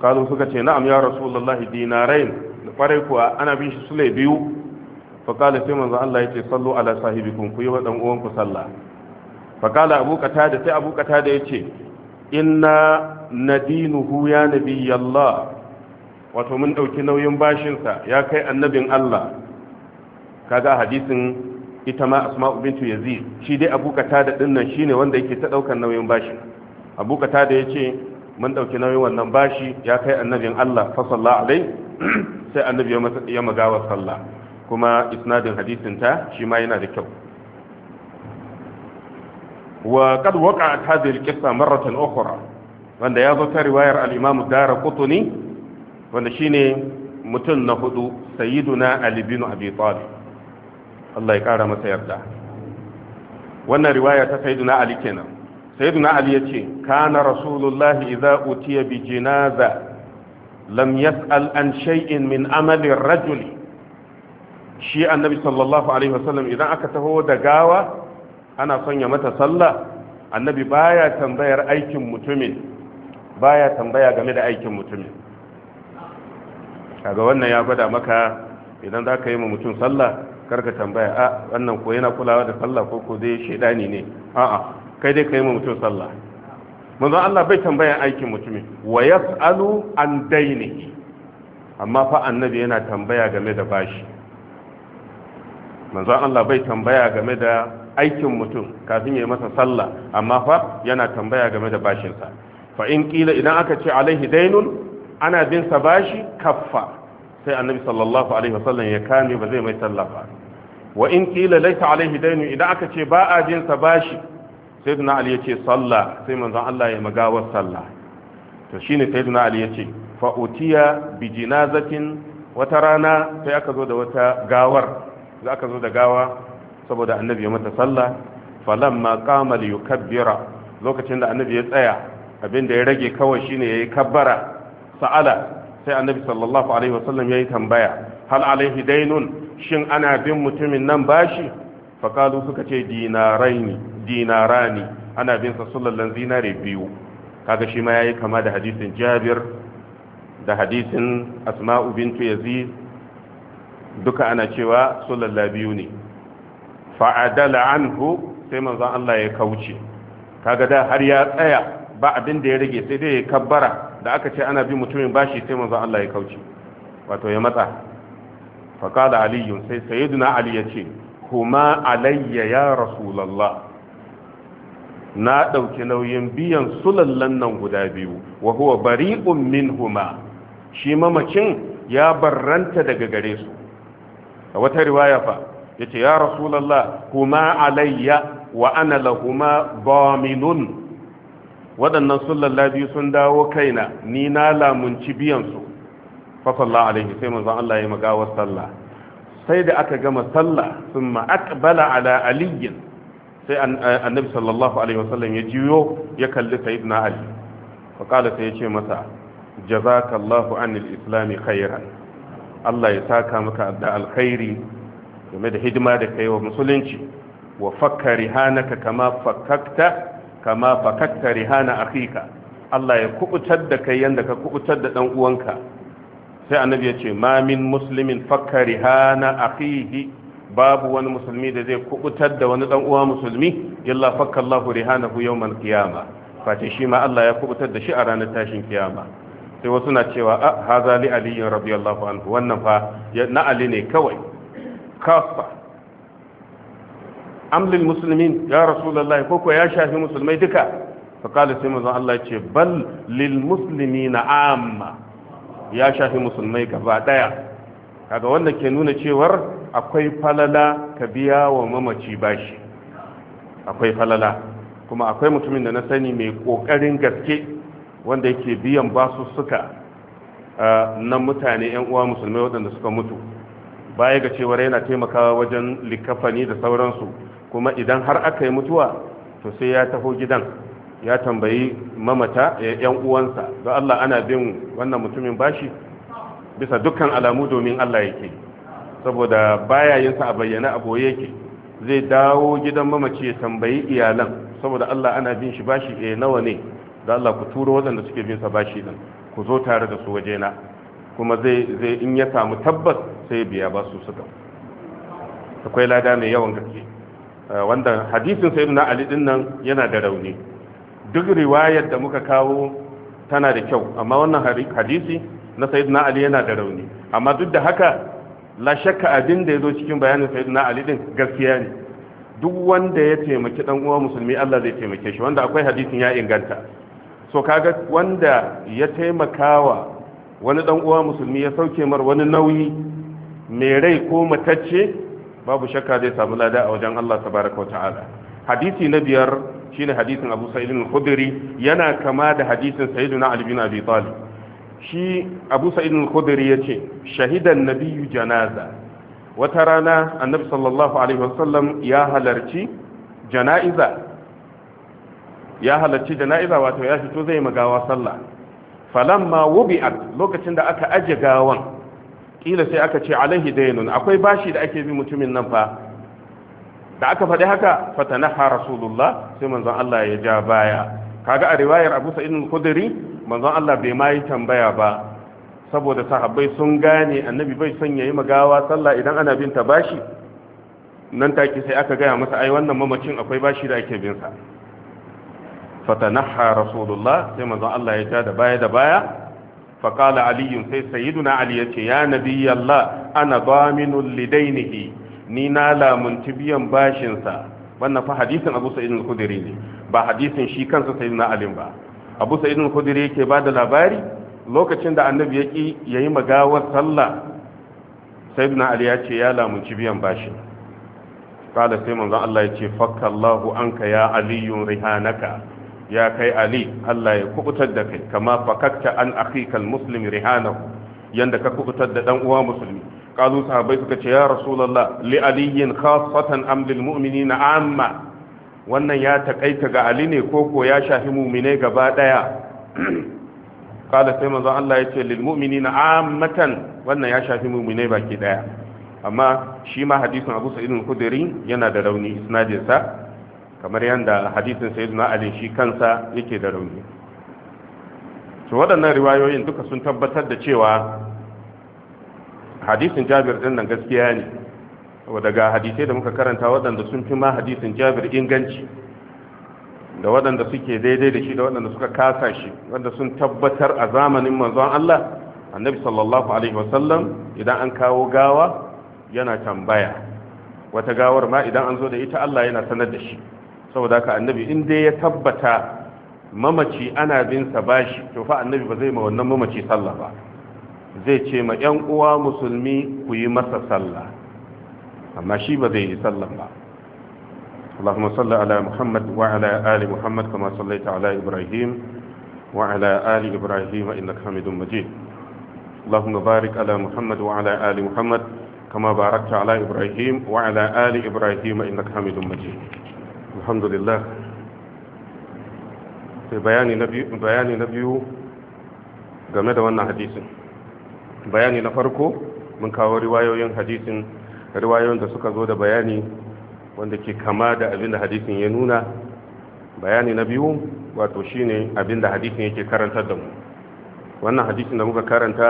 kalu suka ce na'am ya rasulullahi dinarain da kwarai kuwa ana bin shi sule biyu faƙala sai manzo Allah ya ce sallu ala sahibikum ku yi wa dan uwanku sallah faƙala abu qatada sai abu qatada ya ce inna nadinuhu ya nabiyallah wato mun ɗauki nauyin bashinsa ya kai annabin Allah kaga hadisin ita ma asma'u bintu yazi shi dai abu da din shi ne wanda yake ta ɗaukar nauyin bashi, abu katada yace mun ɗauki nauyin wannan bashi ya kai annabin Allah fa sallallahu sai annabi ya magawa sallah kuma isnadin hadisin ta shi ma yana da kyau wa qad waqa'at hadhihi al-qissa marratan ukhra wanda ya zo ta riwayar al-imam dara kutuni, wanda shi ne mutum na hudu sayyiduna ali bin abi talib Allah ya kara masa yarda wannan riwaya ta sayyiduna ali kenan sayyiduna ali yace kana rasulullahi idza utiya bi jinaza lam yas'al an shay'in min amali rajuli shi annabi sallallahu alaihi wasallam idan aka taho da gawa ana son ya mata sallah annabi baya tambayar aikin mutumin baya tambaya game da aikin mutumin kaga wannan ya gwada maka idan za ka yi ma mutum sallah karka tambaya a wannan ko yana kulawa da sallah ko ko dai shaidani ne a'a kai dai ka yi ma mutum sallah manzo Allah bai tambaya aikin mutumin wa yas'alu an dainihi amma fa annabi yana tambaya game da bashi manzo Allah bai tambaya game da aikin mutum kafin ya yi masa sallah amma fa yana tambaya game da bashinsa fa in kila idan aka ce alaihi dainun ana bin sa bashi kaffa sai annabi sallallahu alaihi wasallam ya kame ba zai mai sallah ba wa in kila laita alaihi dainun idan aka ce ba a bin sa bashi sayyidina ali ce sallah sai manzon Allah ya magawar sallah to shine sayyidina ali yace ce utiya bi jinazatin wata rana sai aka zo da wata gawar da aka zo da gawa saboda annabi ya mata sallah falamma qama liyukabbira lokacin da annabi ya tsaya abin da ya rage kawai shine ya yi kabbara sa'ala sai annabi sallallahu alaihi wasallam yayi tambaya hal alaihi dainun shin ana bin mutumin nan bashi faqalu suka ce dinaraini dinarani ana bin sa zinari zinare biyu kaga shi ma yayi kama da hadisin Jabir da hadisin Asma'u bintu Yazid duka ana cewa sallallahu biyu ne fa'adala anhu sai manzon Allah ya kauce kaga da har ya tsaya ba abin da ya rage sai dai ya kabbara da aka ce ana bi mutumin bashi sai manzon Allah ya kauce wato ya matsa faqala aliyun sai sayyiduna ali ya ce kuma alayya ya rasulullah na ɗauki nauyin biyan sulallan nan guda biyu wa huwa bari'un minhuma shi mamacin ya barranta daga gare su a wata riwaya fa yace ya rasulullah kuma alayya wa ana lahuma daminun waɗannan sullalla biyu sun dawo kaina ni na lamunci biyansu fasalla alaihi sai manzon Allah ya magawar sallah sai da aka gama sallah sun ma'akbala ala aliyin sai eh, annabi sallallahu alaihi wasallam ya jiyo ya kalli sayyidina ali faƙala sai ya ce masa jazakallahu anil islami khairan Allah ya saka maka da alkhairi game da hidima da kai wa musulunci wa fakkari hanaka kama fakkakta kama fakakta rihana akika Allah ya kubutar da kai yanda ka kubutar da dan uwanka sai annabi ya ce ma min muslimin fakka rihana akihi babu wani musulmi da zai kubutar da wani dan uwa musulmi illa fakka Allahu rihanahu yawmal qiyama fata shi ma Allah ya kubutar da shi a ranar tashin kiyama sai wasu na cewa a ah, haza li ali radiyallahu anhu wannan fa na ali ne kawai kafa amlil muslimin ya rasulullahi koko ya shafi musulmai duka fa qala sai manzon Allah ce bal lil muslimina amma ya shafi musulmai gaba ɗaya. kaga wanda ke nuna cewar akwai falala ka biya wa mamaci bashi akwai falala kuma akwai mutumin da na sani mai ƙoƙarin gaske wanda yake biyan basu suka na mutane yan uwa musulmai waɗanda suka mutu baya ga cewar yana taimakawa wajen likafani da sauransu kuma idan har aka yi mutuwa to sai ya taho gidan ya tambayi mamata yan uwansa don Allah ana bin wannan mutumin bashi bisa dukkan alamu domin Allah yake saboda baya yin sa a bayyana a boye yake zai dawo gidan mamaci ya tambayi iyalan saboda Allah ana bin shi bashi eh nawa ne don Allah ku turo waɗanda suke bin sa bashi din ku zo tare da su waje na. kuma zai in ya samu tabbas sai biya ba su suka akwai lada mai yawan gaske Eh, wanda hadisin na ali din nan yana da rauni duk riwayar da muka kawo tana da kyau amma wannan hadisi na sayyidina ali yana da rauni amma duk da haka la shakka abin da yazo cikin bayanin sayyidina ali din gaskiya ne duk wanda ya taimaki dan uwa musulmi Allah zai taimake shi wanda akwai hadisin ya inganta so kaga wanda ya taimakawa wani dan uwa musulmi ya sauke mar wani nauyi mai rai ko matacce babu shakka zai samu lada a wajen Allah tabaraka wa ta'ala hadisi na biyar shine hadisin Abu Sa'id al-Khudri yana kama da hadisin Sayyidina Ali bin Abi Talib shi Abu Sa'id al-Khudri yace shahidan nabiyyu janaza wata rana annabi sallallahu alaihi wasallam ya halarci jana'iza ya halarci jana'iza wato ya fito zai magawa sallah falamma wubi'at lokacin da aka aje gawan kila sai aka ce alaihi dainun akwai bashi da ake bi mutumin nan fa da aka faɗi haka fatanaha rasulullah sai manzon Allah ya ja baya kaga a riwayar Abu Sa'id al-Khudri manzon Allah bai mayi tambaya ba saboda sahabbai sun gane annabi bai son yayi magawa sallah idan ana bin ta bashi nan take sai aka gaya masa ai wannan mamacin akwai bashi da ake bin sa fatanaha rasulullah sai manzon Allah ya ja da baya da baya faƙala aliyun sai sayyiduna ali ya ce ya nabi yalla ana baminun lidainihi ni na lamunci biyan bashinsa wannan fa hadisin abu sa'id al-khudri ne ba hadisin shi kansa na ali ba abu sa'id al-khudri yake ba da labari lokacin da annabi ya ki yayi magawar sallah na ali ya ce ya lamunci biyan bashin qala sai manzon Allah ya ce fakkallahu anka ya aliyun rihanaka ya kai ali Allah ya kubutar da kai kama fakakta an akhikal muslim rihanahu yanda ka kubutar da dan uwa musulmi qalu sahabbai suka ce ya rasulullah li aliyin khassatan am lil mu'minina amma wannan ya takaita ga ali ne ko ko ya shafi mu'mine gaba daya qala sai manzo Allah ya ce lil mu'minina ammatan wannan ya shafi mu'mine baki daya amma shi ma hadisin Abu Sa'id al-Khudri yana da rauni isnadinsa kamar yadda hadisin zuna ali shi kansa yake da rauni to waɗannan riwayoyin duka sun tabbatar da cewa hadisin jabir ɗin nan gaskiya ne daga hadisai da muka karanta waɗanda sun fi ma hadisin jabir inganci da waɗanda suke daidai da shi da waɗanda suka kasa shi wanda sun tabbatar a zamanin manzon Allah annabi sallallahu alaihi wasallam idan an kawo gawa yana tambaya wata gawar ma idan an zo da ita Allah yana sanar da shi saboda haka annabi in dai ya tabbata mamaci ana binsa bashi to fa annabi ba zai ma wannan mamaci sallah ba zai ce ma yan uwa musulmi ku yi masa sallah amma shi ba zai yi sallah ba اللهم صل على محمد وعلى آل محمد كما صليت على إبراهيم وعلى آل إبراهيم إنك حميد مجيد اللهم بارك على محمد وعلى آل محمد كما باركت على إبراهيم وعلى آل إبراهيم إنك حميد مجيد في sai bayani na biyu game da wannan hadisin bayani na farko mun kawo riwayoyin hadisin riwayoyin da suka zo da bayani wanda ke kama da abin da hadisin ya nuna bayani na biyu wato shine abin da hadisin yake karantar da mu wannan hadisin da muka karanta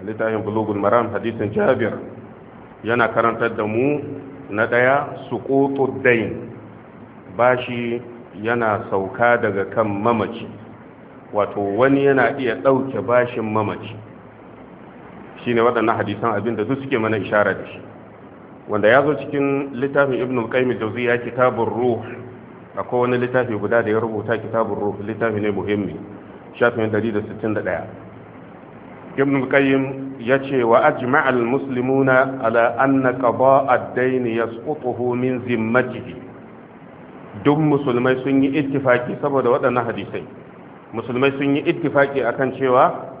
a littafin bulugul maram hadisin jabir yana karantar da mu na ɗaya suƙutu dain bashi yana sauka daga kan mamaci wato wani yana iya ɗauke bashin mamaci shine ne waɗannan hadisan abinda duk suke mana ishara da shi wanda ya zo cikin littafin ibn qayyim jauziya kitabun ruh akwai wani littafi guda da ya rubuta kitabun ruh littafi ne muhimmi shafin 161 ibn qayyim ya ce wa ajma'al muslimuna ala anna qada'a ad-dayn yasqutuhu min zimmatihi duk musulmai sun yi ittifaki saboda waɗannan hadisai musulmai sun yi ittifaki akan cewa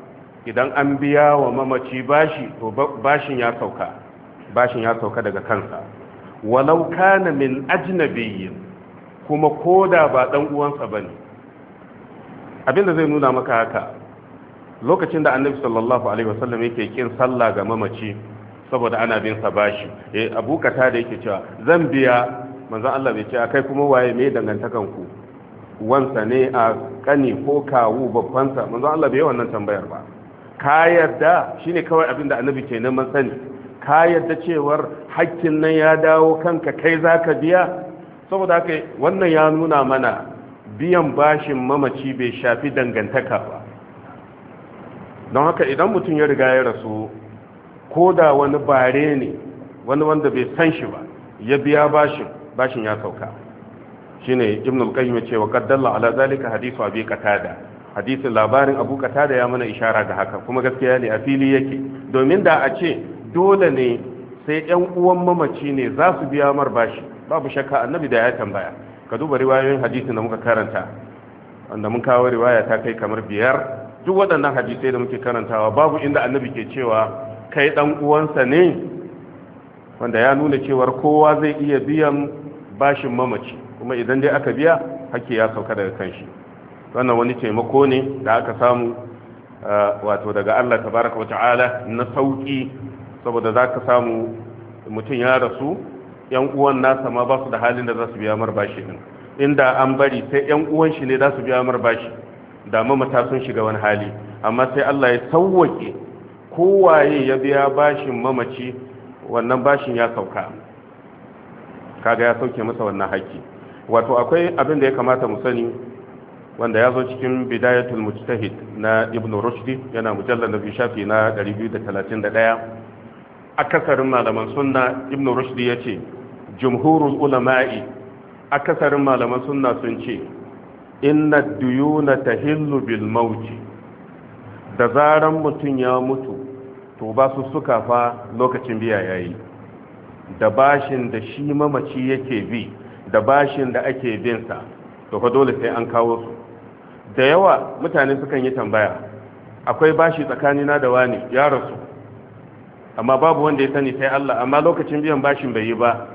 idan an biya wa mamaci bashi to bashin ya sauka bashin ya sauka daga kansa walau kana min ajnabiyyin kuma koda ba dan uwansa bane abinda zai nuna maka haka lokacin da annabi sallallahu alaihi wasallam yake kin sallah ga mamaci saboda ana bin sa bashi eh abu kata da yake cewa zan biya manzan Allah bai ce kai kuma waye mai dangantakanku. wansa ne a kani ko kawu babbansa Manzan Allah bai wannan tambayar ba ka yarda ne kawai abinda annabi ke neman sani ka yarda cewar hakkin nan ya dawo kanka kai za ka biya saboda haka wannan ya nuna mana biyan bashin mamaci bai shafi dangantaka ba don haka idan mutum ya riga ya rasu ko da wani bare ne wani wanda bai san shi ba ya biya bashin bashin ya sauka shine ibn al-qayyim ce wa qaddalla ala zalika hadithu abi qatada hadisin labarin abu qatada ya mana ishara ga haka kuma gaskiya ne a fili yake domin da a ce dole ne sai yan uwan mamaci ne za su biya mar bashi babu shakka annabi da ya tambaya ka duba riwayoyin hadisin da muka karanta wanda mun kawo riwaya ta kai kamar biyar duk waɗannan hadisai da muke karantawa babu inda annabi ke cewa kai ɗan uwansa ne wanda ya nuna cewar kowa zai iya biyan bashin mamaci kuma idan dai aka biya hakki ya sauka daga kan shi wannan wani taimako ne da aka samu wato daga Allah tabaraka wata'ala na sauki saboda za ka samu mutum ya rasu yan uwan nasa ma ba su da halin da za su biya mar bashi din inda an bari sai yan uwan shi ne za su biya mar bashi da mamata sun shiga wani hali amma sai Allah ya sauwake kowaye ya biya bashin mamaci wannan bashin ya sauka kaga ya sauke masa wannan haƙƙi wato akwai abin da ya kamata mu sani wanda ya zo cikin bidayatul mujtahid na ibn rushdi yana mujallar na shafi na 231 akasarin malaman sunna ibn rushdi ya ce jumhurul ulama'i akasarin malaman sunna sun ce inna duyuna tahillu bil mauti da zaran mutum ya mutu to ba su suka fa lokacin biya yayi da bashin da shi mamaci yake bi da bashin da ake binsa to fa dole sai an kawo su da yawa mutane sukan yi tambaya akwai bashi tsakanina da wani ya rasu amma babu wanda ya sani sai Allah amma lokacin biyan bashin bai yi ba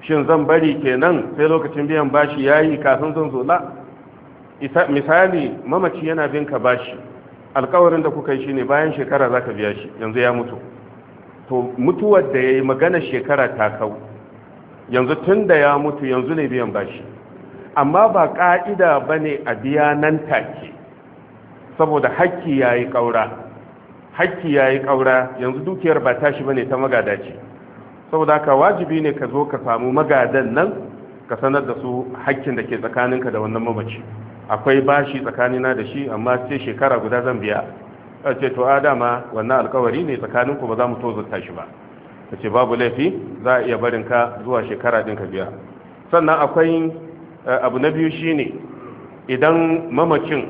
shin zan bari kenan sai lokacin biyan bashi yayi kafin zan zo la misali mamaci yana bin ka bashi alkawarin da kuka yi shine bayan shekara zaka biya shi yanzu ya mutu to mutuwar da ya yi magana shekara ta kau yanzu tun da ya mutu yanzu ne biyan bashi amma ba ƙa'ida ba ne a biya nan take saboda haƙƙi ya yi ƙaura haƙƙi ya yi ƙaura yanzu dukiyar ba tashi ba ne ta magada ce saboda haka wajibi ne ka zo ka samu magadan nan ka sanar da su haƙƙin da ke tsakaninka da wannan mamaci akwai bashi tsakanina da shi amma sai shekara guda zan biya a ce to adama wannan alkawari ne tsakaninku ba za mu tozarta shi ba a ce babu laifi za a iya barin ka zuwa shekara ɗin biya sannan akwai eh, abu na biyu shine idan mamacin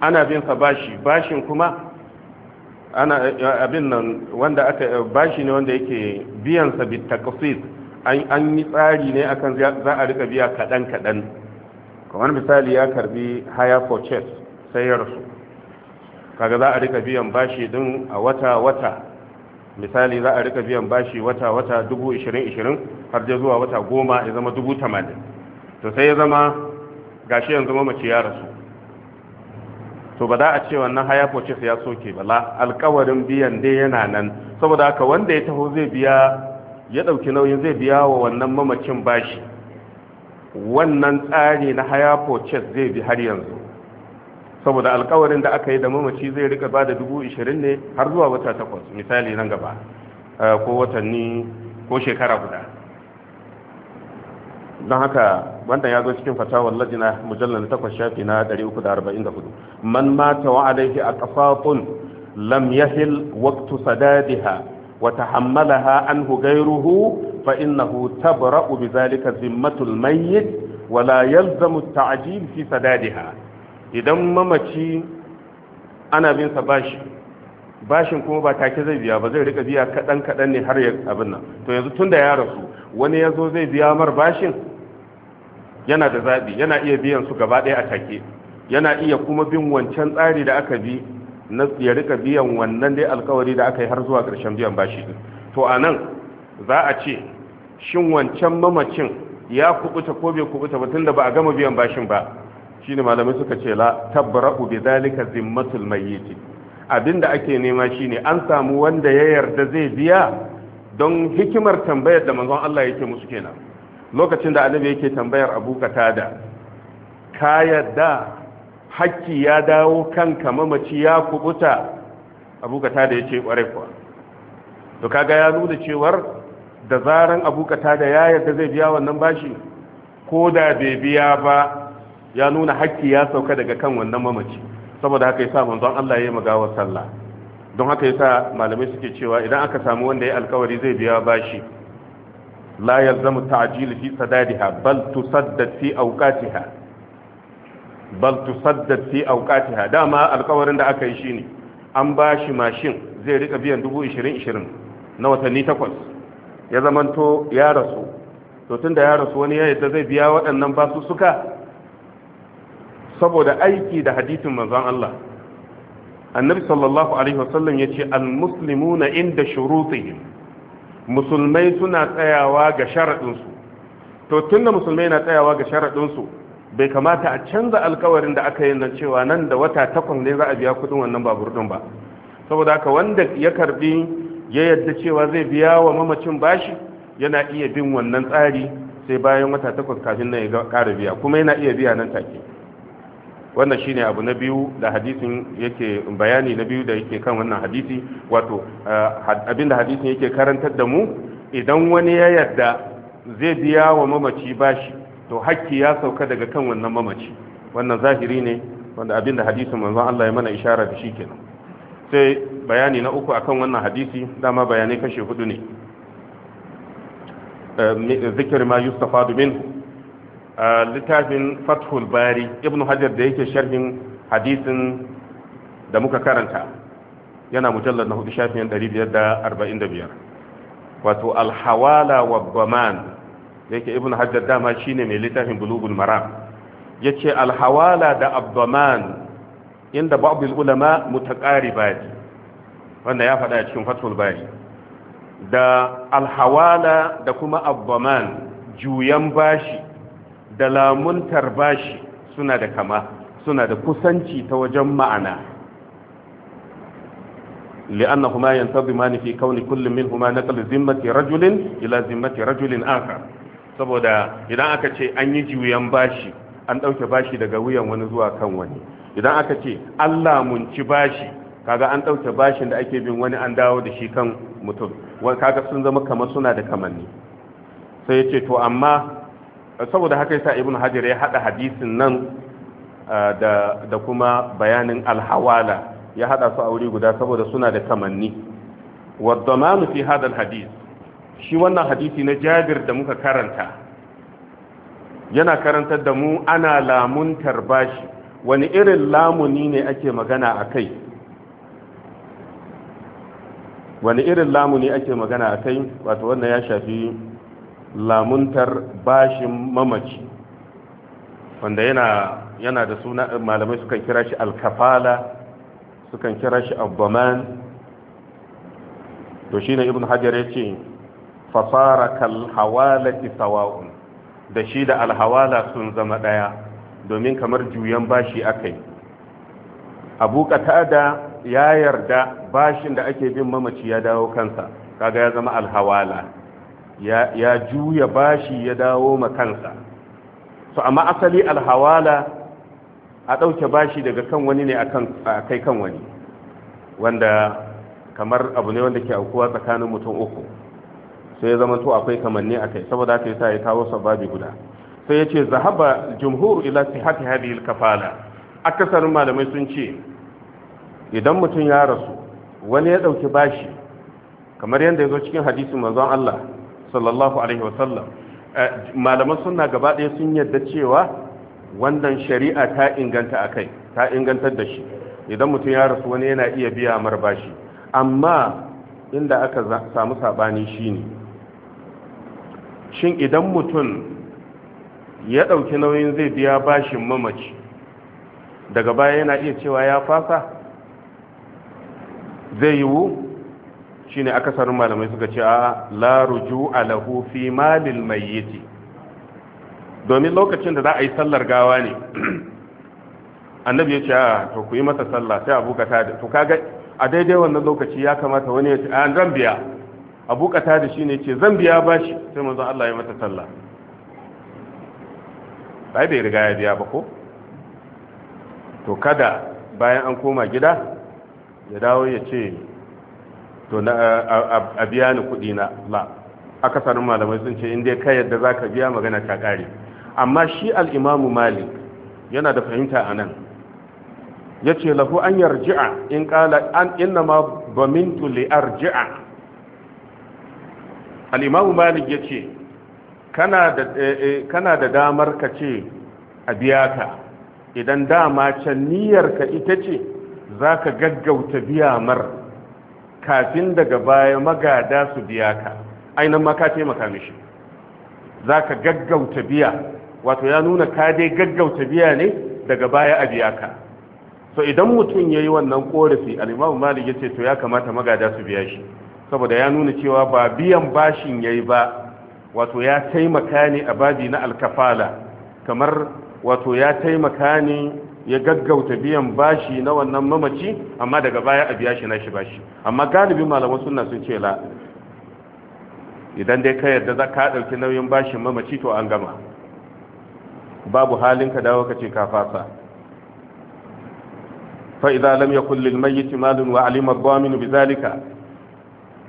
ana bin sa bashi bashin kuma ana eh, abin nan wanda aka eh, bashi ne wanda yake biyan sa bi taqsid an an yi tsari ne akan za a rika biya kadan kadan kamar misali ya karbi haya for chess sai ya rasu kaga za a rika biyan bashi din a wata-wata misali za a rika biyan bashi wata-wata dubu har je zuwa wata goma ya zama dubu tamanin to sai ya zama gashi yanzu mamaci ya rasu to ba za a ce wannan haya pocis ya soke ba la alkawarin biyan dai yana nan saboda haka wanda ya taho zai biya ya ɗauki nauyin zai biya wa wannan mamacin bashi wannan tsari na haya chess zai bi har yanzu saboda alkawarin da aka yi da mamaci zai rika ba da dubu ishirin ne har zuwa wata takwas misali nan gaba eh, ko watanni ko shekara guda don haka wanda ya zo cikin fatawar lajina mujallar na takwas shafi na 344 man mata wa alaihi a kafafun lam yahil waktu sadadiha wa tahammalaha anhu gairuhu fa innahu tabra'u bi zalika zimmatul mayyit wa la yalzamu at-ta'jil fi sadadiha idan mamaci ana bin sa bashi bashin kuma ba take zai biya ba zai rika biya kadan kadan ne har abin nan to yanzu tunda ya rasu wani ya zo zai biya mar bashin yana da zaɓi yana iya biyan su gaba ɗaya a take yana iya kuma bin wancan tsari da aka bi na ya rika biyan wannan dai alkawari da aka yi har zuwa karshen biyan bashi din to anan nan za a ce shin wancan mamacin ya kubuta ko bai kubuta ba tunda ba a gama biyan bashin ba shine malamai suka ce la tabra'u bi zalika zimmatul mayyit abinda ake nema shine an samu wanda ya yarda zai biya don hikimar tambayar da manzon Allah yake musu kenan lokacin da annabi yake tambayar Abu Katada ka yadda hakki ya dawo kanka mamaci ya kubuta Abu Katada yace kware kuwa to kaga ya nuna cewar da zaran Abu Katada ya yarda zai biya wannan bashi ko da bai biya ba ya nuna hakki ya sauka daga kan wannan mamaci saboda haka yasa manzon Allah ya yi magawar sallah don haka yasa malamai suke cewa idan aka samu wanda ya alkawari zai biya bashi la yalzamu ta'jil fi sadadiha bal tusaddad fi awqatiha bal tusaddad fi awqatiha dama alkawarin da aka yi shine an bashi mashin zai rika biyan 20 20 na watanni takwas ya zamanto ya rasu to tunda ya rasu wani ya yadda zai biya waɗannan basu suka saboda aiki da hadisin manzon Allah annabi sallallahu alaihi wasallam yace almuslimuna inda shurutihim musulmai suna tsayawa ga sharadin su to tunda musulmai na tsayawa ga sharadin bai kamata a canza alkawarin da aka yi na cewa nan da wata takwas ne za a biya kudin wannan babur din ba saboda haka wanda ya karbi ya yadda cewa zai biya wa mamacin bashi yana iya bin wannan tsari sai bayan wata takwas kafin nan ya ƙara biya kuma yana iya biya nan take wannan shine abu na biyu da hadisin yake bayani na biyu da yake kan wannan hadisi wato eh, abinda hadisin yake karantar da mu idan wani ya yarda zai biya wa mamaci bashi to hakki ya sauka daga kan wannan mamaci wannan zahiri ne wanda abinda hadisin manzo Allah ya mana isharar da shi kenan sai bayani na uku akan wannan hadisi dama bayanai kashe hudu ne eh, zikr ma yustafadu minhu littafin fathul bari ibn hajar da yake sharhin hadisin da muka karanta yana mujallar na hudu shafin 545 wato alhawala wa baman yake ibn hajar dama shine mai littafin bulugul maram ce alhawala da abdaman inda ba'dul ulama mutaqaribati wanda ya faɗa cikin fathul bari da alhawala da kuma abdaman juyan bashi da lamuntar bashi suna da kama suna da kusanci ta wajen ma'ana li'annahuma yantaziman fi kauni kulli minhuma naql zimmati rajulin ila zimmati rajulin akhar saboda idan aka ce an yi juyan bashi an dauke bashi daga wuyan wani zuwa kan wani idan aka ce Allah mun ci bashi kaga an dauke bashin da ake bin wani an dawo da shi kan mutum kaga sun zama kamar suna da kamanni sai ya ce to amma saboda haka yasa ibn hajar ya hada hadisin nan da kuma bayanin alhawala ya hada su a wuri guda saboda suna da kamanni wadda fi hadal hadis shi wannan hadisi na jabir da muka karanta yana karantar da mu ana lamuntar bashi wani irin lamuni ne ake magana a kai wani irin lamuni ake magana a kai wato wannan ya shafi lamuntar bashin mamaci wanda yana yana da suna malamai sukan kira shi alkafala sukan kira shi abbaman to ne ibn hajar yace fasara Hawala hawalati sawa'un da shi da alhawala sun zama daya domin kamar juyan bashi akai abu qatada ya yarda bashin da ake bin mamaci ya dawo kansa kaga ya zama alhawala ya juya bashi ya dawo ma kansa to amma asali alhawala a ɗauke bashi daga kan wani ne a kai kan wani wanda kamar abu ne wanda ke aukuwa tsakanin mutum uku sai ya zama to akwai kamanni a kai saboda haka yasa ya kawo sababi guda sai ya ce zahaba jumhur ila sihati hadhihi kafala akasarin malamai sun ce idan mutum ya rasu wani ya ɗauki bashi kamar yadda ya zo cikin hadisin manzon Allah sallallahu alaihi wasallam eh, malaman sunna gaba ɗaya sun yadda cewa wannan shari'a ta inganta a kai ta ingantar da shi idan mutum ya rasu wani yana iya biya mar bashi amma inda aka samu saɓani shine shin idan mutum ya ɗauki nauyin zai biya bashin mamaci daga baya yana iya cewa ya fasa zai yiwu shine akasarin malamai suka ce a la ruju'a lahu fi malil mayyiti domin lokacin da za a yi sallar gawa ne annabi ya ce a to ku yi masa sallah sai abu kata da to kaga a daidai wannan lokaci ya kamata wani ya ce a zan biya abu kata da ne ce zan biya bashi sai manzon Allah ya mata sallah bai bai riga ya biya ba ko to kada bayan an koma gida ya dawo ya ce to na a biya ni kuɗi na la akasarin malamai sun ce inda ka yadda za ka biya magana ta ƙare amma shi al'imamu malik yana da fahimta a nan ya ce lahu an yarji'a in ƙala an inna ma bamintu li arji'a al'imamu malik ya ce kana da e, e, damar ka ce a biya ka idan dama can niyyarka ita ce za ka gaggauta biya mar kafin daga baya magada su biya ka ainihin ma ka taimaka mishi za ka gaggauta biya wato ya nuna ka dai gaggauta biya ne daga baya a biya ka so idan mutum ya yi wannan korafi alimamu mali ya ce to ya kamata magada su biya shi saboda ya nuna cewa ba biyan bashin ya yi ba wato ya taimaka ne a babi na alkafala kamar wato ya taimaka ne ya gaggauta biyan bashi na wannan mamaci amma daga baya a biya shi na shi bashi amma galibin malaman suna sun ce la idan dai ka yarda za ka ɗauki nauyin bashin mamaci to an gama babu halin ka dawo ka ce ka fasa fa idza lam yakul lil mayyit malun wa alima ad bi zalika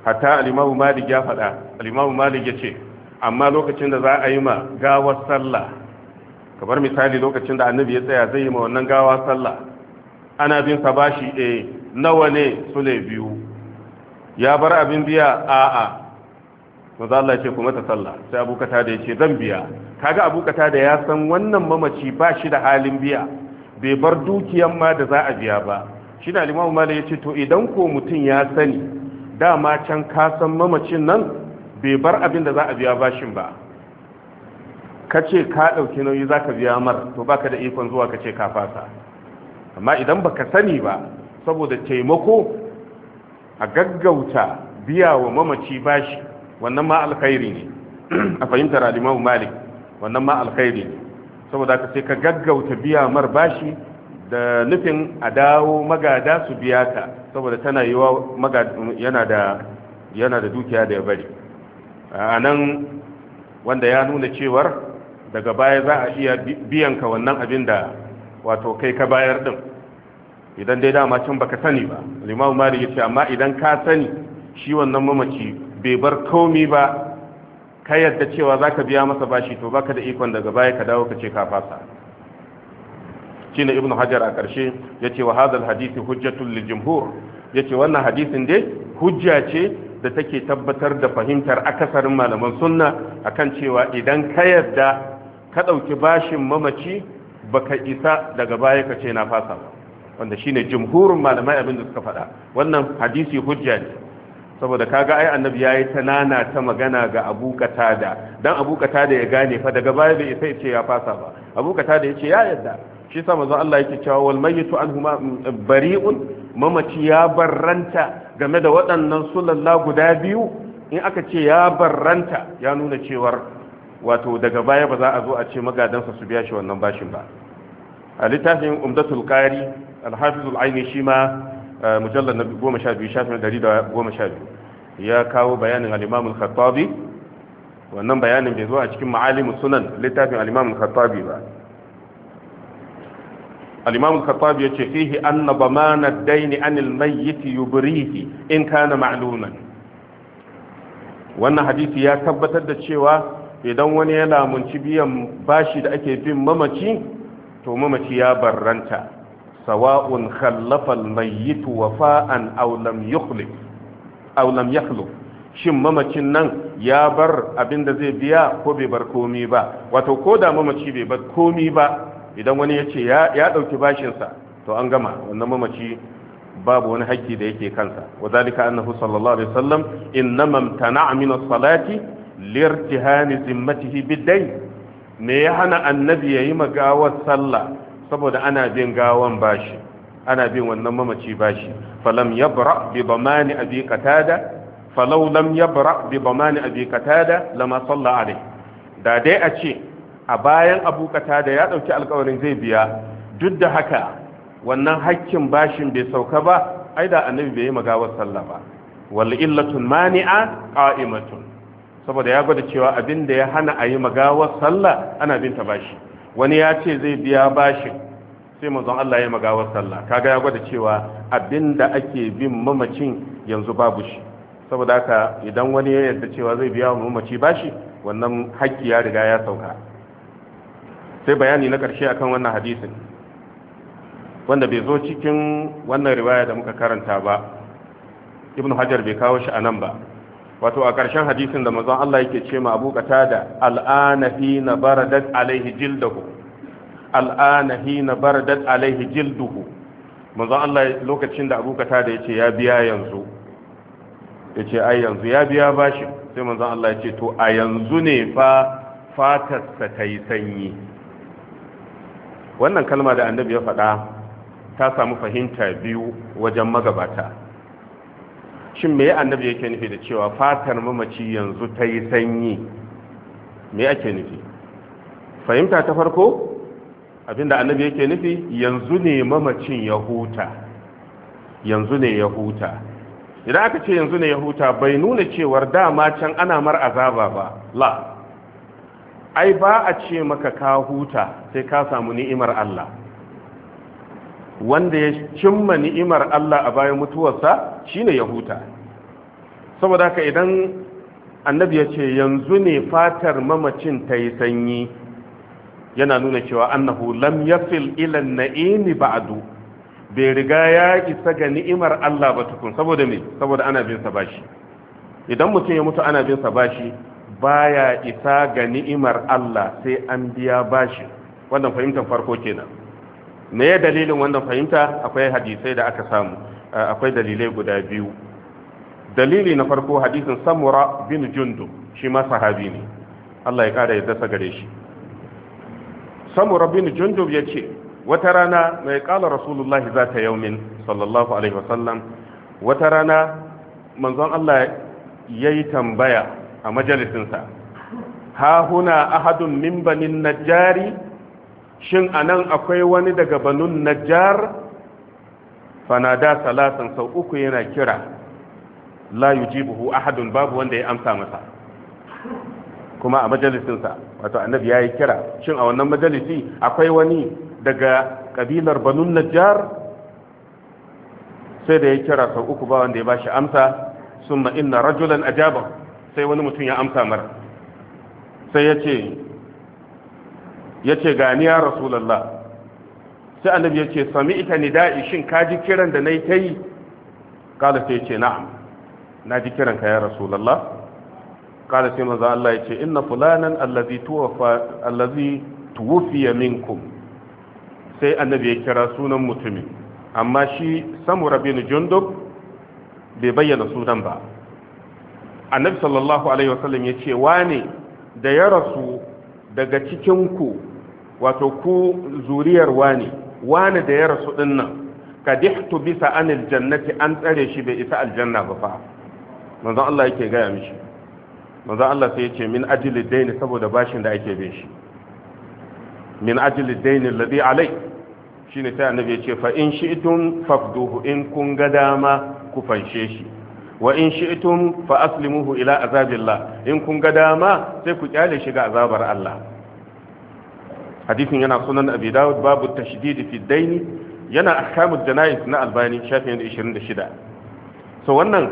hatta al malik ya faɗa al-imam malik yace amma lokacin da za a yi ma gawar sallah kamar misali lokacin da annabi ya tsaya zai yi ma wannan gawa sallah ana bin sa bashi eh nawa ne sule biyu ya bar abin biya a'a Maza Allah ce kuma ta sallah sai Abu da ya ce zan biya kaga Abu da ya san wannan mamaci ba shi da halin biya bai bar dukiyan ma da za a biya ba shi da Imam Malik ya ce to idan ko mutum ya sani dama can ka san mamacin nan bai bar abin da za a biya bashin ba ka ce ka ɗauki nauyi za ka biya mar to baka da ikon zuwa ka ce ka fasa amma idan ba ka sani ba saboda taimako a gaggauta biya wa mamaci bashi wannan ma alkhairi ne a fahimtar alimamu malik wannan ma alkhairi ne saboda ka sai ka gaggauta biya mar bashi da nufin a dawo magada su biya ta saboda tana yi wa yana da dukiya da ya bari a nan wanda ya nuna cewar daga baya za a iya biyan ka wannan abin da wato kai ka bayar din idan dai dama can baka sani ba limamu mari ya ce amma idan ka sani shi wannan mamaci bai bar komi ba ka yadda cewa za ka biya masa bashi to baka da ikon daga baya ka dawo ka ce ka fasa shi ne ibn hajar a ƙarshe ya ce wa hadal hadisi hujjatun lil ya ce wannan hadisin dai hujja ce da take tabbatar da fahimtar akasarin malaman sunna akan cewa idan ka yadda. ka ɗauki bashin mamaci baka isa daga baya ka ce na fasa ba wanda shine jumhurin malamai abin da suka faɗa wannan hadisi hujja ne saboda kaga ai annabi yayi ta nana ta magana ga Abu Qatada dan Abu Qatada ya gane fa daga baya bai sai ce ya fasa ba Abu Qatada yace ya yadda shi sa manzon Allah yake cewa wal mayyitu anhuma bari'un mamaci ya barranta game da waɗannan sulalla guda biyu in aka ce ya barranta ya nuna cewar wato daga baya ba za a zo a ce magadansa su biya shi wannan bashin ba a littafin umdatul qari alhafizul aini shi ma eh, mujallar na goma sha biyu shafin dari da goma sha biyu ya kawo bayanin alimamul khattabi wannan bayanin bai zo a cikin ma'alimu sunan littafin alimamul khattabi ba alimamul khattabi ya ce fihi anna bamana daini anil mayyiti yubrihi in kana ma'luman wannan hadisi ya tabbatar da cewa idan wani ya lamunci biyan bashi da ake bin mamaci to mamaci ya barranta sawa'un khallafal almayyitu wafa'an aw lam yukhlif aw lam shin mamacin nan ya bar abin da zai biya ko bai bar komi ba wato ko da mamaci bai bar komi ba idan wani ya ce ya ɗauki bashinsa to an gama wannan mamaci babu wani hakki da yake kansa wa zalika annahu sallallahu alaihi wasallam innama tana'a min as-salati lirtihani zimmatihi bidai me ya hana annabi yayi magawar sallah saboda ana bin gawan bashi ana bin wannan mamaci bashi falam yabra bi damani abi qatada falau lam yabra bi damani abi qatada lama salla alai da dai a ce a bayan abu qatada ya dauki alƙawarin zai biya duk da haka wannan hakkin bashin bai sauka ba Aida annabi bai yi magawar sallah ba wal illatun mani'a qa'imatun saboda ya gwada cewa abin da ya hana a yi magawar sallah ana binta bashi wani ya ce zai biya bashin sai manzon Allah ya magawar sallah kaga ya gwada cewa abin da ake bin mamacin yanzu babu shi saboda haka idan wani ya yarda cewa zai biya wa mamaci bashi wannan hakki ya riga ya sauka sai bayani na ƙarshe akan wannan hadisin wanda bai zo cikin wannan riwaya da muka karanta ba ibnu hajar bai kawo shi a nan ba wato a ƙarshen hadisin da manzon Allah yake ce ma Abu da al'ana na baradat alaihi jilduhu al'ana na baradat alaihi jilduhu manzon Allah lokacin da Abu ƙata da ya ce ya biya yanzu ya ce ai yanzu ya biya bashi sai manzon Allah ya ce to a yanzu ne fa fatarsa ta yi sanyi wannan kalma da annabi ya faɗa ta samu fahimta biyu wajen magabata shin me annabi yake nufi da cewa fatar mamaci yanzu ta yi sanyi me ake nufi fahimta ta farko abinda annabi yake nufi yanzu ne mamacin ya huta yanzu ne ya huta idan aka ce yanzu ne ya huta bai nuna cewar dama can ana mar azaba ba la ai ba a ce maka ka huta sai ka samu ni'imar Allah wanda ya cimma ni'imar Allah a bayan mutuwarsa shine ya huta saboda haka idan annabi ya ce yanzu ne fatar mamacin ta yi sanyi yana nuna cewa annahu lam yafil ilan na'imi ba'du bai riga ya isa ga ni'imar Allah ba tukun saboda me saboda ana bin sa bashi idan mutum ya mutu ana bin sa bashi baya isa ga ni'imar Allah sai an biya bashi wannan fahimtar farko kenan me ya dalilin wannan fahimta akwai hadisai da aka samu akwai dalilai guda biyu dalili na farko hadisin samura bin Jundu shi ma sahabi ne Allah ya kara yadda gare shi samura bin Jundu ya ce wata rana mai kala rasulullahi za ta yaumin sallallahu alaihi wasallam wata rana manzon Allah ya yi tambaya a majalisinsa ha huna ahadun min banin najjari shin anan akwai wani daga banun najjar fanada salatan sau uku yana kira la yujibuhu ahadun babu wanda ya amsa masa kuma a majalisinsa wato annabi ya yi kira shin a wannan majalisi akwai wani daga kabilar banun najjar sai da ya kira sau uku ba wanda ya bashi amsa summa inna rajulan ajaba sai wani mutum ya amsa mar sai ya ce yace gani ya rasulullah sai annabi yace sami'ta nida'i shin ka ji kiran da nayi kai kala sai yace na'am na ji kiran ka ya rasulullah kala sai maza Allah yace inna fulanan allazi tuwaffa allazi minkum sai annabi ya kira sunan mutumin amma shi samura bin jundub bai bayyana sunan ba annabi sallallahu alaihi wasallam ya ce wane da ya rasu daga cikinku wato ku zuriyar wani wani da ya rasu dinnan nan ka dihtu bisa anil jannati an tsare shi bai isa aljanna ba fa manzo Allah yake gaya mishi manzo Allah sai yace min ajli daini saboda bashin da ake bin shi min ajli daini alladhi alai shine sai annabi yace fa in shi'tum fafduhu in kun ga dama ku fanshe shi wa in shi'tum fa aslimuhu ila azabillah in kun ga dama sai ku kyale shi ga azabar Allah hadisin yana sunan abi dawud babu tashdid fi daini yana ahkamu janayis na albani shafin 26 so wannan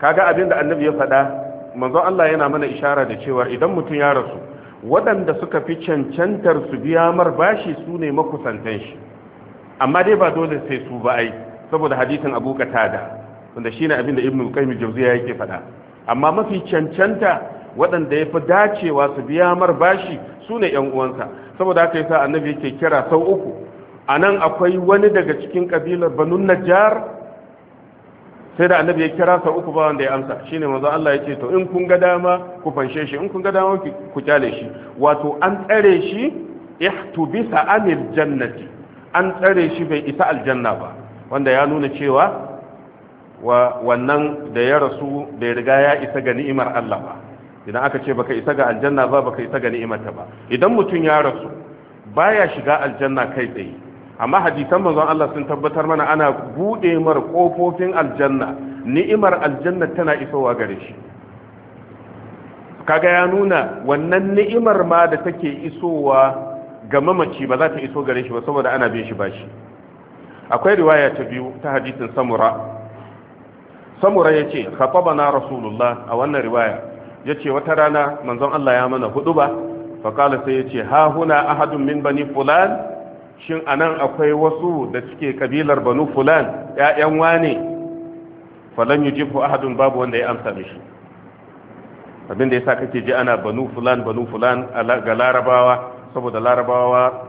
kaga abin da annabi ya faɗa manzo Allah yana mana ishara da cewa idan mutum ya rasu waɗanda suka fi cancantar su biya mar bashi su ne makusantan shi amma dai ba dole sai su ba ai saboda hadisin Abu Qatada wanda shine abin da Ibnu Qayyim Jawziya yake faɗa amma mafi cancanta waɗanda ya fi dacewa su biya mar bashi su ne ‘yan uwansa saboda haka yasa annabi yake kira sau uku anan akwai wani daga cikin kabilar banun najjar sai da annabi ya kira sau uku ba wanda ya amsa shine manzo Allah ya ce to in kun ga dama ku fanshe shi in kun ga dama ku kyale shi wato an tsare shi ihtubisa anil jannati an tsare shi bai isa aljanna ba wanda ya nuna cewa wa wannan da ya rasu bai riga ya isa ga ni'imar Allah ba idan aka ce baka isa ga aljanna ba baka isa ga ni'imarta ba idan mutum ya rasu baya shiga aljanna kai tsaye amma hadisan manzon Allah sun tabbatar mana ana bude mar kofofin aljanna ni'imar aljanna tana isowa gare shi kaga ya nuna wannan ni'imar ma da take isowa ga mamaci ba za ta iso gare shi ba saboda ana bin shi bashi akwai riwaya ta biyu ta hadisin samura samura yace khatabana rasulullah a wannan riwaya ya ce wata rana manzon Allah ya mana hudu ba kala sai ya ce ha huna ahadun min bani fulan shin anan akwai wasu da suke kabilar banu fulan ‘ya'yan wane fa yi yujibu ahadun babu wanda ya amsa mishi abin da ya kake ji ana banu fulan banu fulan ga larabawa saboda larabawa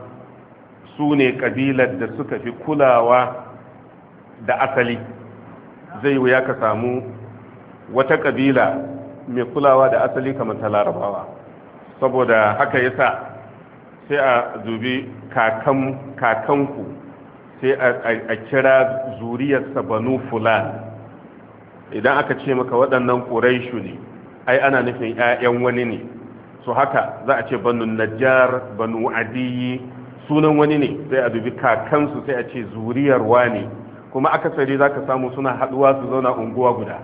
su ne kabilar da suka fi kulawa da asali zai wuya ka samu wata kabila mai kulawa da asali kamar ta larabawa saboda haka yasa sai a zubi kakanku sai a kira zuriyarsa banu fulan idan aka ce maka waɗannan ƙuraishu ne ai ana nufin 'ya'yan wani ne su haka za a ce banu najjar banu adiyi sunan wani ne sai a dubi kakansu sai a ce zuriyar wani kuma akasari za ka samu suna haɗuwa su zauna unguwa guda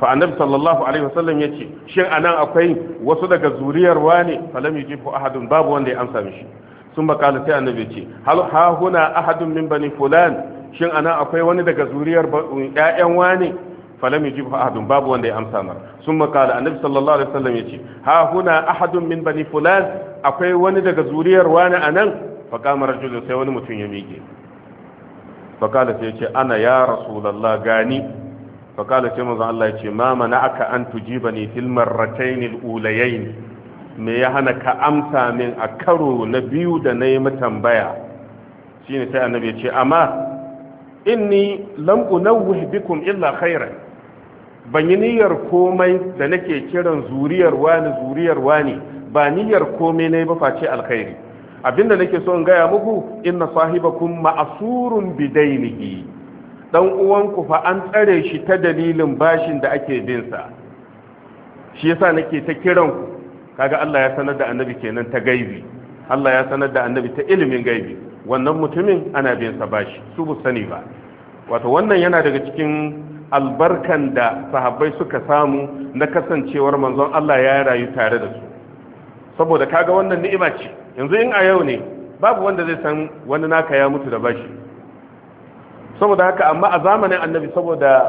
fa annabi sallallahu alaihi wasallam yace shin anan akwai wasu daga zuriyar wane falam yujibu ahadun babu wanda ya amsa mishi sun makala sai annabi ce hal ha huna min bani fulan shin anan akwai wani daga zuriyar ƴaƴan wane falam yujibu ahadun babu wanda ya amsa mar sun makala annabi sallallahu alaihi wasallam yace ha huna ahadun min bani fulan akwai wani daga zuriyar wane anan fa kama rajulun sai wani mutum ya miƙe fa kala ana ya rasulullah gani faƙala ce mazan Allah ya ce ma mana aka an tujiba ne fil marratayn ulayayn me ya hana ka amsa min a karo na biyu da na yi tambaya shine sai annabi ya ce amma inni lam unawwih bikum illa khairan ban yi niyyar komai da nake kiran zuriyar wani zuriyar wani ba niyyar komai ne ba face alkhairi abinda nake so in gaya muku in na inna kun ma'asurun bidainihi dan uwanku fa an tsare shi ta dalilin bashin da ake bin sa shi yasa nake ta kiran ku kaga Allah ya sanar da annabi kenan ta gaibi Allah ya sanar da annabi ta ilimin gaibi wannan mutumin ana bin bashi su bu sani ba wato wannan yana daga cikin albarkan da sahabbai suka samu na kasancewar manzon Allah ya rayu tare da su saboda kaga wannan ni'ima ce yanzu in a yau ne babu wanda zai san wani naka ya mutu da bashi saboda haka amma a zamanin annabi saboda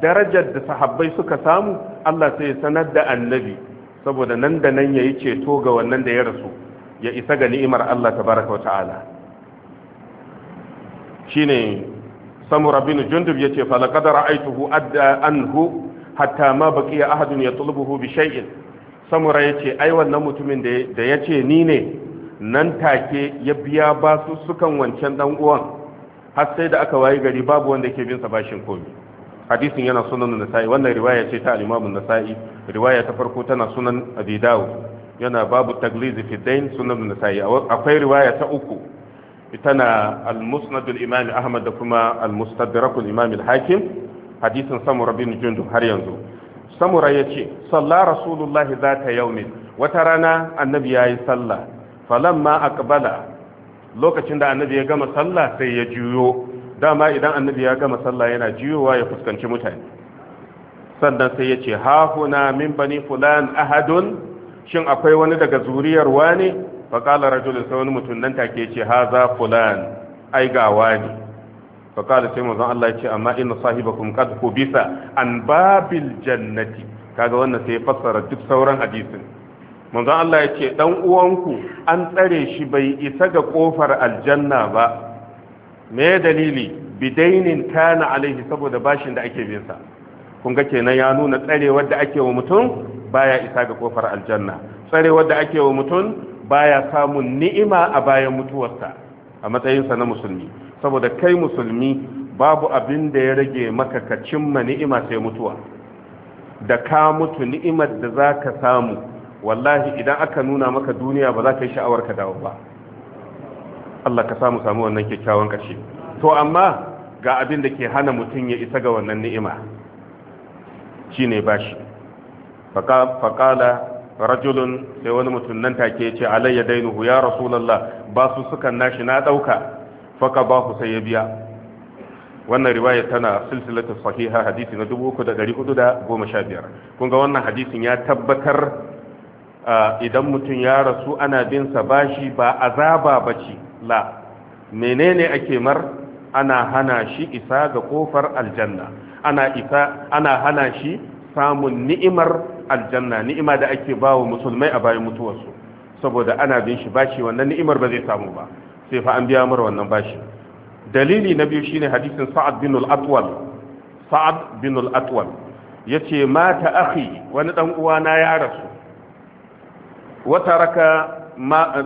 darajar da sahabbai suka samu Allah sai ya sanar da annabi saboda nan da nan yayi ceto ga wannan da ya rasu ya isa ga ni'imar Allah tabaraka ta'ala shine samura bin jundub yace fa laqad ra'aytuhu adda anhu hatta ma baqiya ahadun yatlubuhu bi shay'in samura yace ai wannan mutumin da yace ni ne nan take ya biya basu sukan wancan dan uwan har sai da aka wayi gari babu wanda ke bin sa bashin komi hadisin yana sunan nasa'i wannan riwaya ce ta al nasa'i riwaya ta farko tana sunan abi dawud yana babu tagliz fi dain sunan nasa'i akwai riwaya ta uku tana al-musnad al-imam ahmad da kuma al-mustadrak al-imam al-hakim hadisin samura bin jundub har yanzu samura yace salla rasulullahi zata yaumin wata rana annabi yayi sallah falamma aqbala lokacin da annabi ya gama sallah sai ya juyo dama idan annabi ya gama sallah yana juyowa ya fuskanci mutane sannan sai ya ce hahuna min bani fulan ahadun shin akwai wani daga zuriyar wani faƙala rajul sai wani mutum nan take ce haza fulan ai ga wani faƙala sai manzon Allah ya ce amma inna sahibakum qad kubisa an babil jannati kaga wannan sai ya fassara duk sauran hadisin manzon Allah ya ce dan uwanku an tsare shi bai isa ga kofar aljanna ba me dalili bidainin kana alaihi saboda bashin da ake bin sa kun ga kenan ya nuna tsarewar da ake wa mutum baya isa ga kofar aljanna tsarewar da ake wa mutum baya samun ni'ima a bayan mutuwarsa a matsayinsa na musulmi saboda kai musulmi babu abin da ya rage maka ka cimma ni'ima sai mutuwa da ka mutu ni'imar da zaka samu wallahi idan aka nuna maka duniya ba za ka yi sha'awar ka dawo ba Allah ka samu samu wannan kyakkyawan ƙarshe to amma ga abin da ke hana mutum ya isa ga wannan ni'ima shine bashi faqala rajulun sai wani mutum nan take ya ce alayya dainuhu ya rasulullah ba su sukan nashi na dauka faka ba ku sai ya biya wannan riwaya tana silsilatu sahiha hadisi na 3415 kun ga wannan hadisin ya tabbatar idan mutum ya rasu ana binsa bashi ba azaba bace la menene ake mar ana hana shi isa ga kofar aljanna ana hana shi samun ni'imar aljanna ni'ima da ake bawa musulmai a bayan mutuwarsu saboda ana bin shi bashi wannan ni'imar ba zai samu ba sai fa an biya mar wannan bashi dalili na biyu shine hadisin sa'ad bin al-atwal sa'ad bin al-atwal yace mata akhi wani dan uwana ya rasu wata raka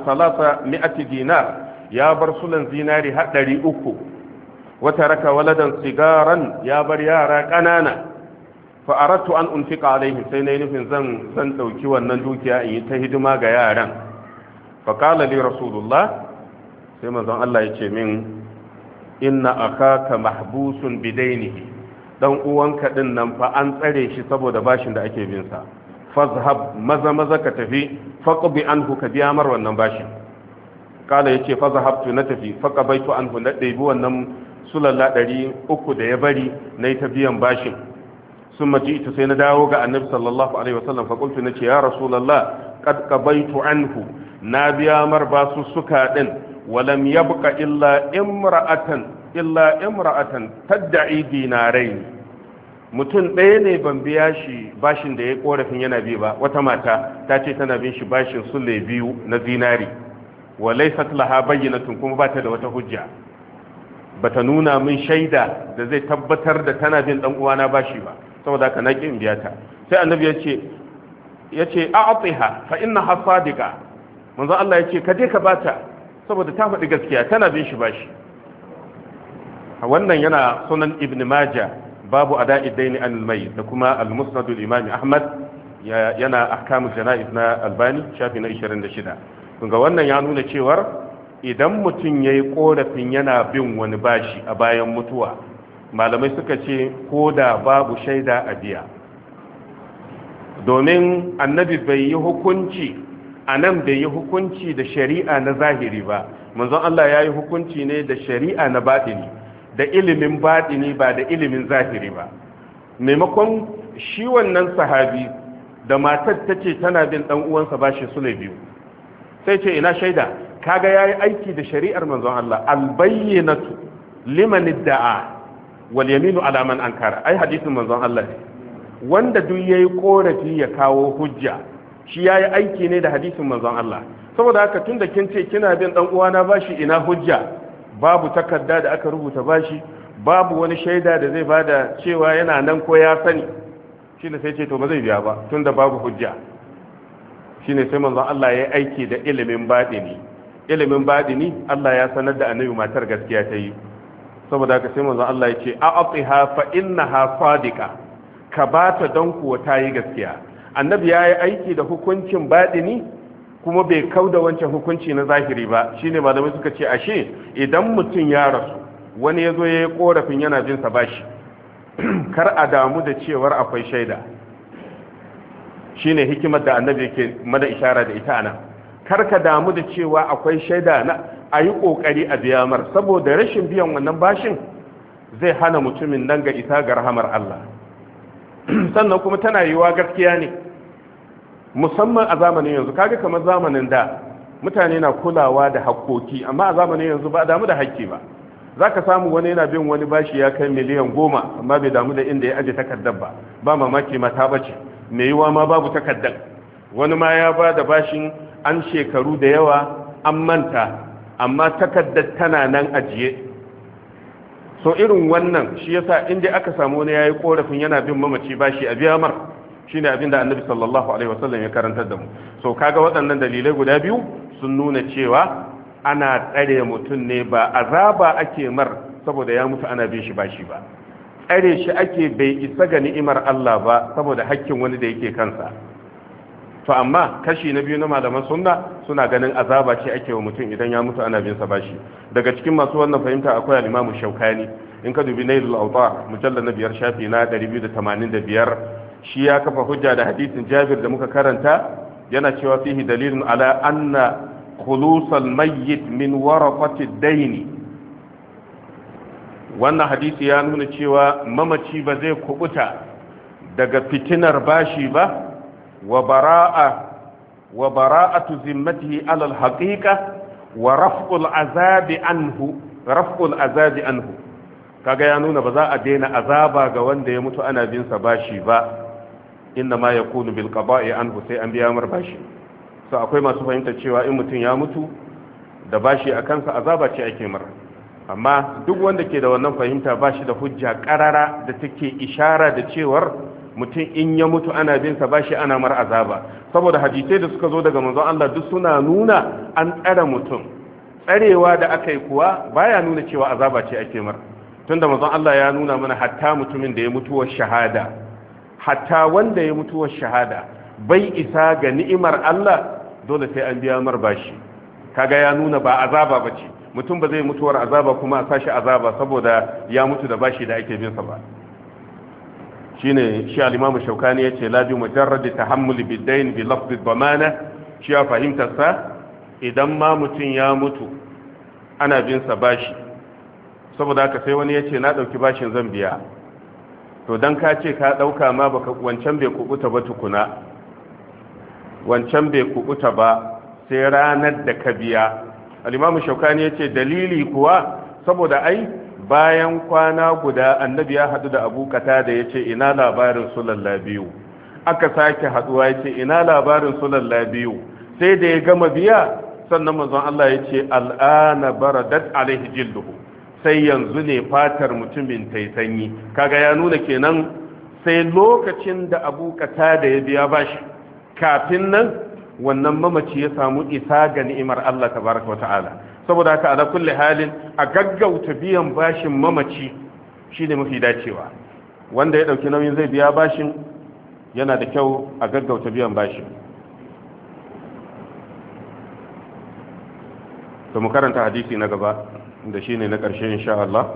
salasa mi'ati dinar ya bar sulan zinari har ɗari uku wata raka waladan sigaran ya bar yara ƙanana aratu an unfiqa alaihim sai na nufin zan zan ɗauki wannan dukiya in yi ta hidima ga yaran faƙala li rasulullah sai manzon Allah ya ce min inna akaka mahbusun bidainihi dan uwanka din nan fa an tsare shi saboda bashin da ake bin sa fazhab maza maza ka tafi faqbi anhu ka biya mar wannan bashin kala yace fazhabtu na tafi faqabaitu anhu na dai wannan sulalla 300 da ya bari nayi ta biyan bashin summa ita sai na dawo ga annabi sallallahu alaihi wasallam fa qultu nace ya rasulullah qad qabaitu anhu na biya mar basu suka din walam yabqa illa imra'atan illa imra'atan tad'i dinarain mutum ɗaya ne ban biya shi bashin da ya korafin yana bi ba wata mata ta ce tana bin shi bashin sulle biyu na zinari wa laifat laha tun kuma ba ta da wata hujja bata nuna min shaida da zai tabbatar da tana bin dan uwana bashi ba saboda haka naki in biya ta sai annabi yace yace a'tiha fa innaha sadiqa manzo Allah yace ka je ka bata saboda ta faɗi gaskiya tana bin shi bashi wannan yana sunan ibn majah babu ada'i daini anil mai da kuma al-musnad al-imam ahmad yana ahkamu jana'iz na albani shafi na 26 kun ga wannan ya nuna cewar idan mutum yayi korafin yana bin wani bashi a bayan mutuwa malamai suka ce ko da babu shaida a biya domin annabi bai yi hukunci anan bai yi hukunci da shari'a na zahiri ba manzon Allah ya yi hukunci ne da shari'a na batini da ilimin baɗini ba da ilimin zahiri ba maimakon shi wannan sahabi da matar ta ce tana bin ɗan uwansa ba shi sule biyu sai ce ina shaida kaga ya yi aiki da shari'ar manzon Allah albayyanatu liman da'a wal yaminu ala man ankara ai hadisin manzon Allah ne wanda duk yayi korafi ya kawo hujja shi yayi aiki ne da hadisin manzon Allah saboda haka tunda kin ce kina bin dan uwana bashi ina hujja babu takarda da aka rubuta bashi babu wani shaida da zai bada cewa yana nan ko ya sani shine sai ce to ba zai biya ba tunda babu hujja shine sai manzon Allah ya aiki da ilimin badini ilimin badini Allah ya sanar da annabi matar gaskiya ta yi saboda haka sai manzon Allah ya ce a'tiha fa innaha sadiqa ka bata don kuwa ta yi gaskiya annabi ya yi aiki da hukuncin badini kuma bai kau da wancan hukunci na zahiri ba shine malamai suka ce ashe idan mutum ya rasu wani ya zo ya yi korafin yana jin sa bashi kar a damu da cewar akwai shaida shine hikimar da annabi yake mada ishara da ita nan. kar ka damu da cewa akwai shaida na a yi kokari a biya mar saboda rashin biyan wannan bashin zai hana mutumin nan ga isa ga rahamar Allah sannan kuma tana yiwa gaskiya ne musamman a zamanin yanzu kaga kamar zamanin da mutane na kulawa da hakkoki amma a zamanin yanzu ba damu da hakki ba za ka samu wani yana bin wani bashi ya kai miliyan goma amma bai damu da inda ya aje takardar ba ba mamaki mata bace mai yiwa ma babu takardar wani ma ya ba da bashin an shekaru da yawa an manta amma takardar tana nan ajiye so irin wannan shi yasa inda aka samu wani yayi korafin yana bin mamaci bashi a biya mar shine abin da annabi sallallahu alaihi wasallam ya karantar da mu so kaga waɗannan dalilai guda biyu sun nuna cewa ana tsare mutum ne ba azaba ake mar saboda ya mutu ana bin shi ba shi ba tsare shi ake bai isa ga ni'imar Allah ba saboda hakkin wani da yake kansa to amma kashi na biyu na malaman sunna suna ganin azaba ce ake wa mutum idan ya mutu ana bin sa bashi daga cikin masu wannan fahimta akwai al-Imam Shawkani in ka dubi Nailul Awtar mujallal na biyar shafi na 285 shi ya kafa hujja da hadisin jabir da muka karanta yana cewa fihi dalilin ala anna khulusal mayyit min warafati daini wannan hadisi ya nuna cewa mamaci ba zai kubuta daga fitinar bashi ba wa bara'a wa bara'atu zimmatihi ala al-haqiqa wa raf'ul azabi anhu raf'ul azabi anhu kaga ya nuna ba za a daina azaba ga wanda ya mutu ana bin bashi ba inna ma ya kunu bilkaba ya anhu sai an biya mar bashi so akwai masu fahimta cewa in mutum ya mutu da bashi a kansa azaba ce ake mar amma duk wanda ke da wannan fahimta bashi da hujja karara da take ishara da cewar mutum in ya mutu ana bin sa bashi ana mar azaba saboda hadisai da suka zo daga manzo Allah duk suna nuna an tsare mutum tsarewa da aka yi kuwa baya nuna cewa azaba ce ake mar tunda manzo Allah ya nuna mana hatta mutumin da ya mutuwar shahada hatta wanda ya mutuwar shahada bai isa ga ni'imar Allah dole sai an biya mar bashi kaga ya nuna ba azaba bace mutum ba zai mutuwar azaba kuma a sashi azaba saboda ya mutu da bashi da ake bin sa ba shine shi al imamu shaukani yace la bi mujarrad tahammul bid-dayn bi lafz ad-damana shi ya fahimta sa idan ma mutum ya mutu ana bin sa bashi saboda haka sai wani yace na dauki bashin zan biya to don ka ce ka ɗauka ma baka wancan bai kubuta ba tukuna wancan bai kubuta ba sai ranar da ka biya alimamu shaukani ya ce dalili kuwa saboda ai bayan kwana guda annabi ya haɗu da abu kata da ya ce ina labarin su biyu aka sake haɗuwa ya ce ina labarin su biyu sai da ya gama biya sannan manzon Allah ya ce al'ana baradat alaihi jilduhu sai yanzu ne fatar mutumin ta sanyi kaga ya nuna kenan sai lokacin da abu kata da ya biya bashi kafin nan wannan mamaci ya samu isa ga ni'imar Allah tabaraka wa ta'ala saboda haka ala kulli halin a gaggauta biyan bashin mamaci shine mafi dacewa wanda ya dauki nauyin zai biya bashin yana da kyau a gaggauta biyan bashin to mu karanta hadisi na gaba da shi ne na ƙarshe insha Allah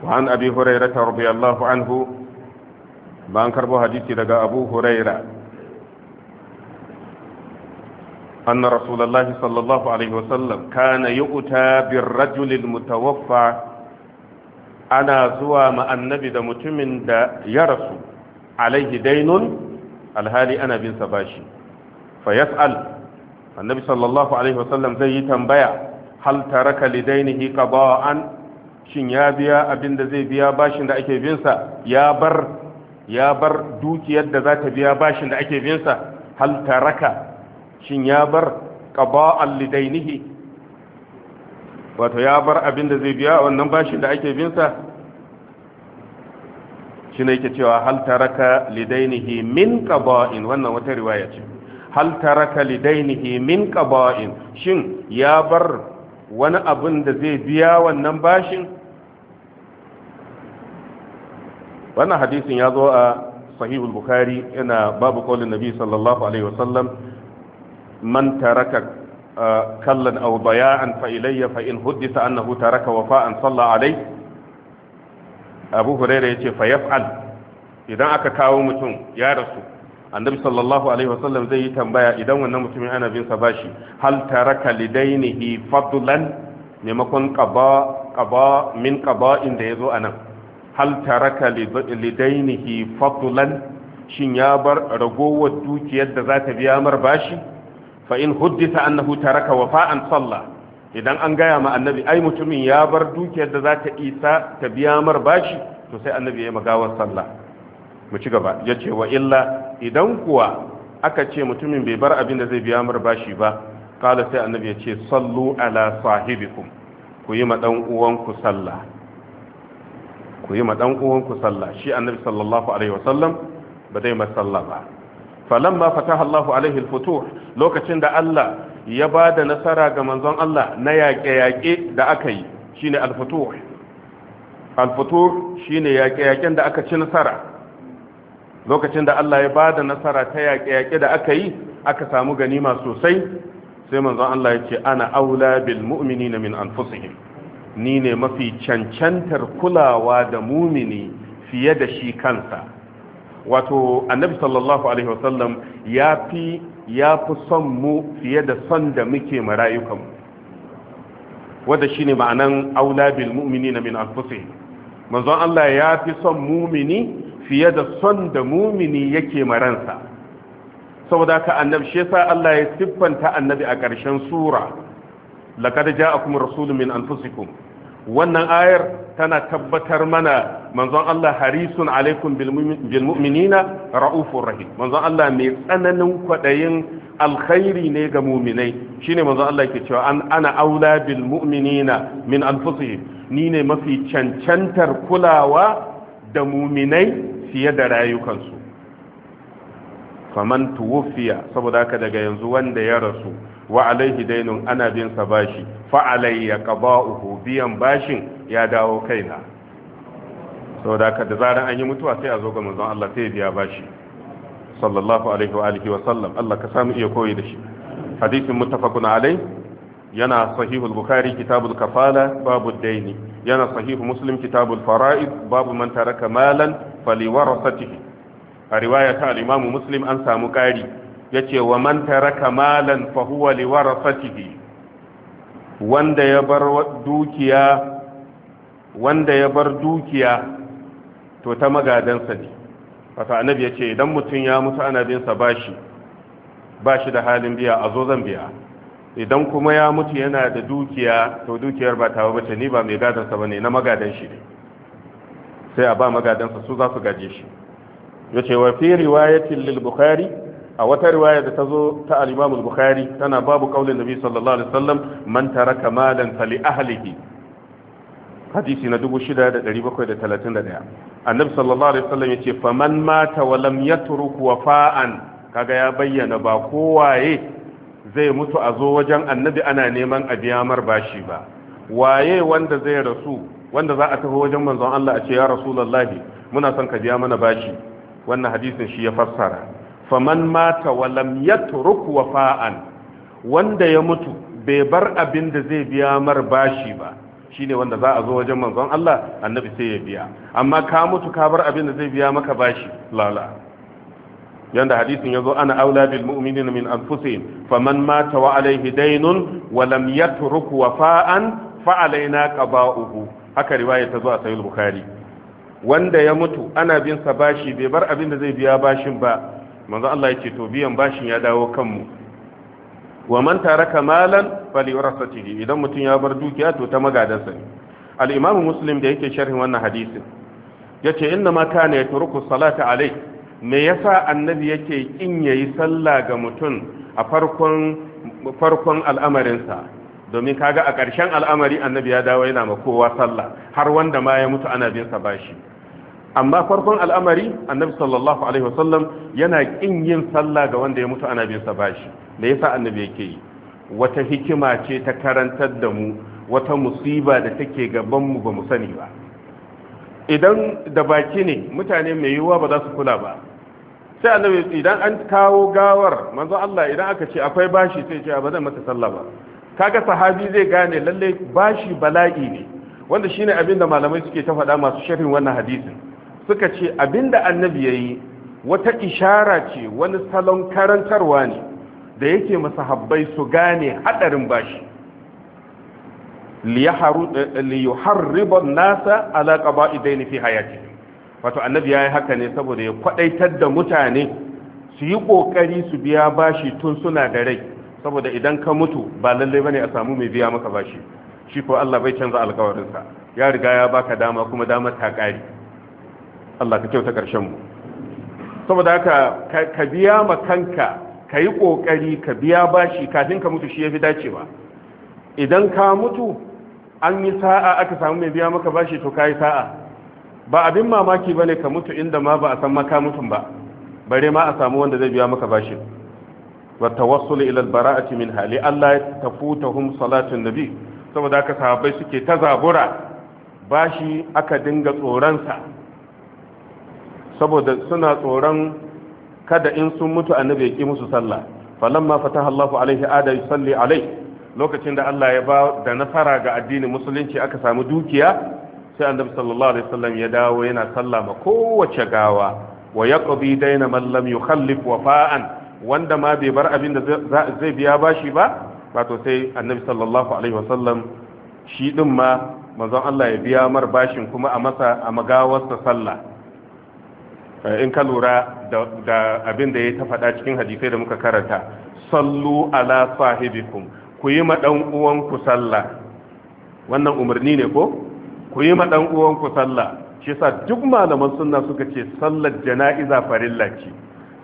وعن أبي هريرة رضي الله daga بان كربو حديثي لغا أبو هريرة أن رسول الله صلى الله عليه وسلم كان يؤتى بالرجل المتوفى ana zuwa ma annabi da mutumin da ya rasu alaihi dainun alhali ana bin sa bashi fa yas'al annabi sallallahu alaihi wasallam zai yi tambaya hal taraka lidainihi qada'an shin ya biya abin da zai biya bashin da ake sa ya bar ya bar dukiyar da za ta biya bashin da ake sa hal taraka shin ya bar qada'an lidainihi wato ya bar abin da zai biya wannan bashin da ake binsa shi ne yake cewa hal taraka lidainihi min qada'in wannan wata riwaya ce hal taraka lidainihi min qada'in shin ya bar wani abin da zai biya wannan bashin wannan hadisin ya zo a sahihul bukhari yana babu kaulin nabi sallallahu alaihi wasallam man taraka uh, kallan aw baya'an fa fa'in fa in annahu taraka wafa'an salla alai abu hurairah yace fa yaf'al idan aka kawo mutum ya rasu annabi sallallahu alaihi wasallam zai yi tambaya idan wannan mutumin ana bin sa bashi hal taraka lidainihi fadlan maimakon qaba qaba min qaba da yazo anan hal taraka lidainihi fadlan shin ya bar ragowar dukiyar da za biya mar bashi fa in huddisa annahu taraka wafa'an salla idan an gaya ma annabi ai mutumin ya bar dukiyar da za isa ta biya mar bashi to sai annabi ya magawar sallah mu ci gaba ya ce wa illa idan kuwa aka ce mutumin bai bar abin da zai biya mar bashi ba kala sai annabi ya ce sallu ala sahibikum ku yi ma dan uwanku sallah ku yi ma uwanku sallah shi annabi sallallahu alaihi wasallam ba zai ma sallah ba falamma fataha allahu alaihi alfutuh lokacin da Allah ya ba da nasara ga manzon Allah na yaƙe-yaƙe da aka yi shine alfutuh alfutuh shine yaƙe-yaƙen da aka ci nasara lokacin da Allah ya ba da nasara ta yaƙe-yaƙe da aka yi aka samu ganima sosai sai manzon Allah ya ce ana aula bil mu'minina min anfusihim ni ne mafi cancantar kulawa da mumini fiye da shi kansa wato annabi sallallahu alaihi wasallam ya fi ya fi son mu fiye da son da muke marayukanmu wanda shine ma'anan aula bil mu'minina min anfusihim manzon Allah ya fi son mumini fiye da son da mumini yake maransa saboda ka annabi shi yasa Allah ya siffanta annabi a ƙarshen sura laqad ja'akum rasulun min anfusikum wannan ayar tana tabbatar mana manzon Allah harisun alaikum bil mu'minina ra'ufur rahim manzon Allah mai tsananin kwadayin alkhairi ne ga mu'minai shine manzon Allah yake cewa an ana aula bil mu'minina min anfusihim ni ne mafi cancantar kulawa da muminai fiye da rayukansu faman tuwufiya saboda haka daga yanzu wanda ya rasu wa alaihi dainun ana bin sa bashi fa alayya qada'uhu biyan bashin ya dawo kaina saboda haka da zaran an yi mutuwa sai a zo ga manzon Allah sai biya bashi sallallahu alaihi wa alihi wa sallam Allah ka samu iya koyi da shi hadisin muttafaqun alai yana sahihul bukhari kitabul kafala babu daini yana sahihu muslim kitabul fara'id babu man taraka malan faliwarasatihi a riwaya ta al-imamu muslim an samu ya yace wa man taraka malan fa huwa liwarasatihi wanda ya bar dukiya wanda ya bar dukiya to ta magadansa ne fata annabi yace idan mutum ya mutu ana bin sa bashi bashi da halin biya a zo zan biya idan kuma ya mutu yana da dukiya to dukiyar ba tawa bace ni ba mai gadansa bane na magadan shi ne sai a ba magadansa su za su gaje shi ya ce wa fi riwayatin lil bukhari a wata riwaya da ta zo ta al bukhari tana babu qaulin nabi sallallahu alaihi wasallam man taraka malan fa ahlihi hadisi na 6731 annabi sallallahu alaihi wasallam yace faman mata wa lam yatruk wafa'an kaga ya bayyana ba kowaye zai mutu a zo wajen annabi ana neman a biya mar bashi ba waye wanda zai rasu wanda za a taho wajen manzon Allah a ce ya rasulullahi muna son ka biya mana bashi wannan hadisin shi ya fassara faman mata wa lam yatruk wafa'an wanda ya mutu bai bar abin da zai biya mar bashi ba shine wanda za a zo wajen manzon Allah annabi sai ya biya amma ka mutu ka bar abin da zai biya maka bashi lala yanda hadisin yazo ana aula bil mu'minina min anfusihim faman mata wa alaihi daynun wa lam yatruk wafa'an fa alaina qada'uhu haka riwaya ta zo a sahih bukhari wanda ya mutu ana bin sa bashi bai bar abin da zai biya bashin ba manzo Allah ya to biyan bashin ya dawo kanmu wa man taraka malan falyurasatihi idan mutum ya bar dukiya to ta magadansa ne al-imam muslim da yake sharhin wannan hadisin yace inna ma kana yatruku salata alai me yasa annabi yake kin yayi sallah ga mutum a farkon farkon al'amarinsa domin kaga a ƙarshen al'amari annabi ya dawo yana ma kowa sallah har wanda ma ya mutu ana bin bashi amma farkon al'amari annabi sallallahu alaihi wasallam yana kin yin sallah ga wanda ya mutu ana bin sa bashi me yasa annabi yake yi wata hikima ce ta karantar da mu wata musiba da take gaban mu ba mu sani ba idan da baki ne mutane mai yiwuwa ba za su kula ba sai annabi idan an kawo gawar manzo Allah idan aka ce akwai bashi sai ce ba zan mata sallah ba kaga sahabi zai gane lalle bashi bala'i ne wanda shine abinda malamai suke ta faɗa masu sharhin wannan hadisin suka ce abinda annabi yayi wata ishara ce wani salon karantarwa ne da yake masahabbai su gane hadarin bashi liyuharriba nasa ala qaba'idaini fi hayati wato annabi yayi haka ne saboda ya kwadaitar da mutane su yi kokari su biya bashi tun suna da rai saboda idan ka mutu ba lalle bane a samu mai biya maka bashi shi ko Allah bai canza sa, ya riga ya baka dama kuma dama ta ƙari Allah ka kyauta ƙarshen mu saboda haka ka biya ma kanka ka yi ƙoƙari ka biya bashi kafin ka mutu shi ya fi dacewa idan ka mutu an yi sa'a aka samu mai biya maka bashi to ka yi sa'a ba abin mamaki bane ka mutu inda ma ba a san maka mutum ba bare ma a samu wanda zai biya maka bashi wa tawassul ila al-bara'ati minha li Allah tafutahum salatun nabi saboda haka sahabbai suke ta zabura bashi aka dinga tsoron sa saboda suna tsoron kada in sun mutu annabi ya ki musu sallah falamma fataha Allahu alaihi ada yusalli alai, lokacin da Allah ya ba da nasara ga addinin musulunci aka samu dukiya sai annabi sallallahu alaihi wasallam ya dawo yana sallama kowace gawa wa yaqdi daina man lam yukhallif wafa'an wanda ma bai bar abin da zai biya bashi ba wato sai annabi sallallahu alaihi wasallam shi din ma manzon Allah ya biya mar bashin kuma a masa a magawarsa sallah eh, in ka lura da abin da ya ta faɗa cikin hadisai da muka karanta sallu ala sahibikum ku yi ma dan uwanku sallah wannan umarni ne ko ku yi ma dan uwanku sallah shi sa duk malaman sunna suka ce sallar jana'iza farilla ce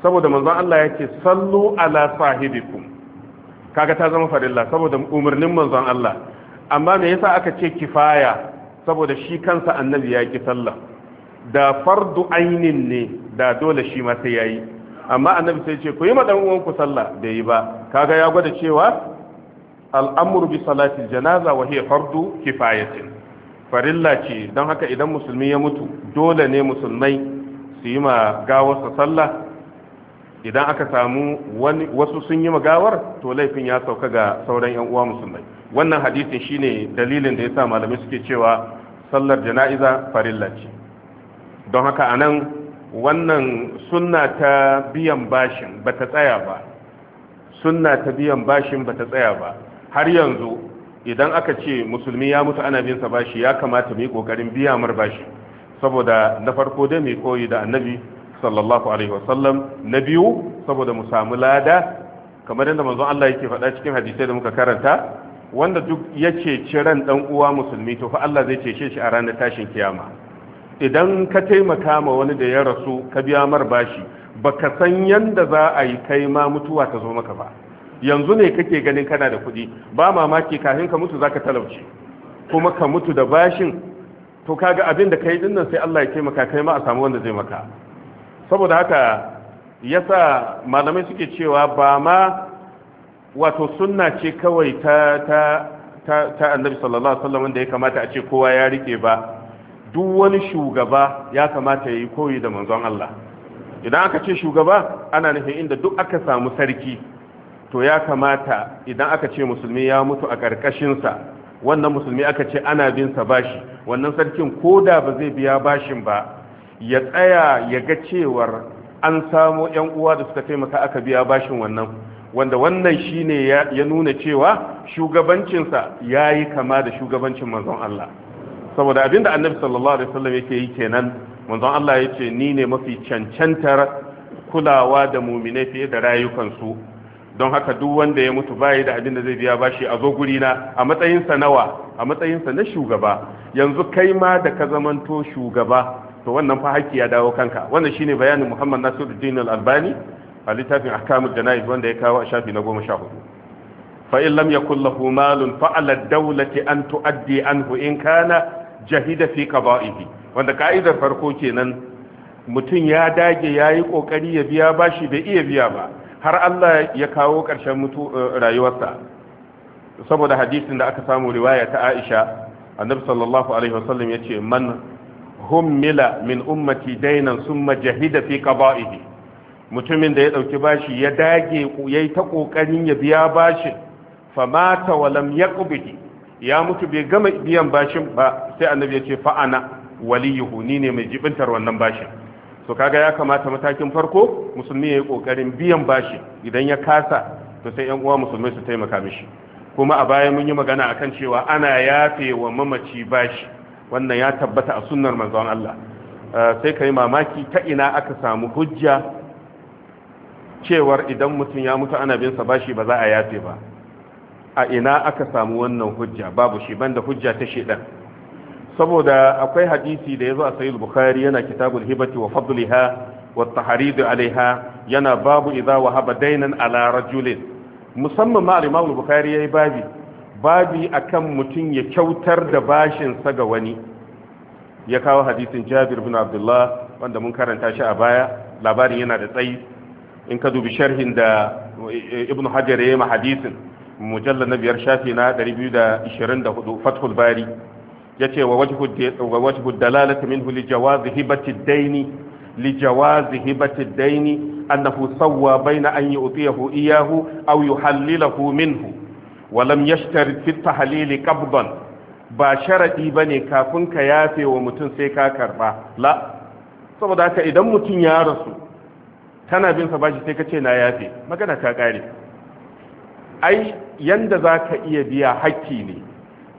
saboda manzon Allah ya ce sallu ala sahibikum kaga ta zama farilla saboda umarnin manzon Allah amma me yasa aka ce kifaya saboda shi kansa annabi ya ki sallah da fardu ainin ne da dole shi ma sai yayi amma annabi sai ce ku yi ma dan uwanku sallah bai yi ba kaga ya gwada cewa al'amur bi salatil janaza wa hiya fardu kifayatin farilla ce don haka idan musulmi ya mutu dole ne musulmai su yi ma gawarsa sallah idan aka samu wasu sun yi magawar to laifin ya sauka ga sauran yan uwa musulmai wannan hadisin shine dalilin da ya sa malamai suke cewa sallar jana'iza farilla ce don haka anan wannan sunna ta biyan bashin bata tsaya ba sunna ta biyan bashin bata tsaya ba har yanzu idan aka ce musulmi ya mutu ana bin sa bashi ya kamata mu yi kokarin biya mar bashi saboda na farko dai mai koyi da annabi sallallahu alaihi wasallam na biyu saboda mu samu lada kamar yadda manzon Allah yake faɗa cikin hadisai da muka karanta wanda duk ya ceci ran dan uwa musulmi to fa Allah zai cece shi a ranar tashin kiyama idan ka taimaka ma wani da ya rasu ka biya mar bashi baka san yanda za a yi kai ma mutuwa ta zo maka ba yanzu ne kake ganin kana da kuɗi ba mamaki kafin ka mutu zaka talauce kuma ka mutu da bashin to kaga abin da kai dinnan sai Allah ya taimaka kai ma a samu wanda zai maka saboda haka ya sa malamai suke cewa ba ma wato sunna ce kawai ta ta annabi sallallahu alaihi wasallam da ya kamata a ce kowa ya rike ba duk wani shugaba ya kamata ya yi koyi da manzon Allah idan aka ce shugaba ana nufin inda duk aka samu sarki to ya kamata idan aka ce musulmi ya mutu a ƙarƙashinsa wannan musulmi aka ce ana bin sa bashi wannan sarkin koda ba zai biya bashin ba ya tsaya ya ga cewar an samo 'yan uwa da suka taimaka aka biya bashin wannan wanda wannan shine ya nuna cewa shugabancinsa ya yi kama da shugabancin manzon Allah saboda abinda annabi sallallahu alaihi wasallam yake yi kenan manzon Allah ya ce ni ne mafi cancantar kulawa da mumine fiye da rayukansu don haka duk wanda ya mutu bayi da abin da zai biya bashi a zo gurina a matsayinsa nawa a matsayinsa na shugaba yanzu kai ma da ka zamanto shugaba to wannan fa haƙƙi ya dawo kanka wannan shine bayanin Muhammad Nasiruddin Al-Albani a littafin Ahkamul Janaiz wanda ya kawo a shafi na hudu fa in lam yakul lahu malun fa ala dawlati an tuaddi anhu in kana jahida fi qada'ihi wanda ka'idar farko kenan mutum ya dage yayi kokari ya biya bashi bai iya biya ba har Allah ya kawo ƙarshen mutu eh, rayuwarsa saboda hadisin da aka samu riwaya ta Aisha annabi sallallahu alaihi wasallam yace man hummila min ummati dainan summa jahida fi qada'ihi mutumin da ya dauki bashi ya dage yayi ta kokarin ya biya bashin mata wa lam yaqbihi ya mutu bai gama biyan bashin ba sai annabi ya ce fa ana waliyuhu ni ne mai jibintar wannan bashin so kaga ya kamata matakin farko musulmi ya yi kokarin biyan bashi idan ya kasa to sai yan uwa musulmai su taimaka mishi kuma a baya mun yi magana akan cewa ana yafe wa mamaci bashi wannan ya tabbata a sunnar manzon Allah eh, sai ka yi mamaki ta ina aka samu hujja cewar idan mutum ya mutu ana bin sa bashi ba za a yafe ba a ina aka samu wannan hujja babu shi banda hujja ta shedan saboda akwai hadisi da ya zo a sahih bukhari yana kitabul hibati wa fadliha wa tahridu alaiha yana babu idza wahaba dainan ala rajulin musamman ma al-imam al-bukhari yayi babi babi akan mutum ya kyautar da bashinsa ga wani ya kawo hadisin jabir bin abdullah wanda mun karanta shi a baya labarin yana da tsayi in ka dubi sharhin da eh, ibn hajar ya yi hadisin mujallar na biyar shafi na 224 fathul bari ya ce wa wajhu dalalata minhu li jawazi hibati daini li jawazi hibati daini annahu sawwa baina an yu'tiyahu iyahu aw yuhallilahu minhu walam yashtar fi tahlili qabdan ba sharadi bane kafin ka yafe wa mutum sai ka karba la saboda haka idan mutum ya rasu tana bin sa bashi sai ka ce na yafe magana ta kare ai yanda zaka iya biya hakki ne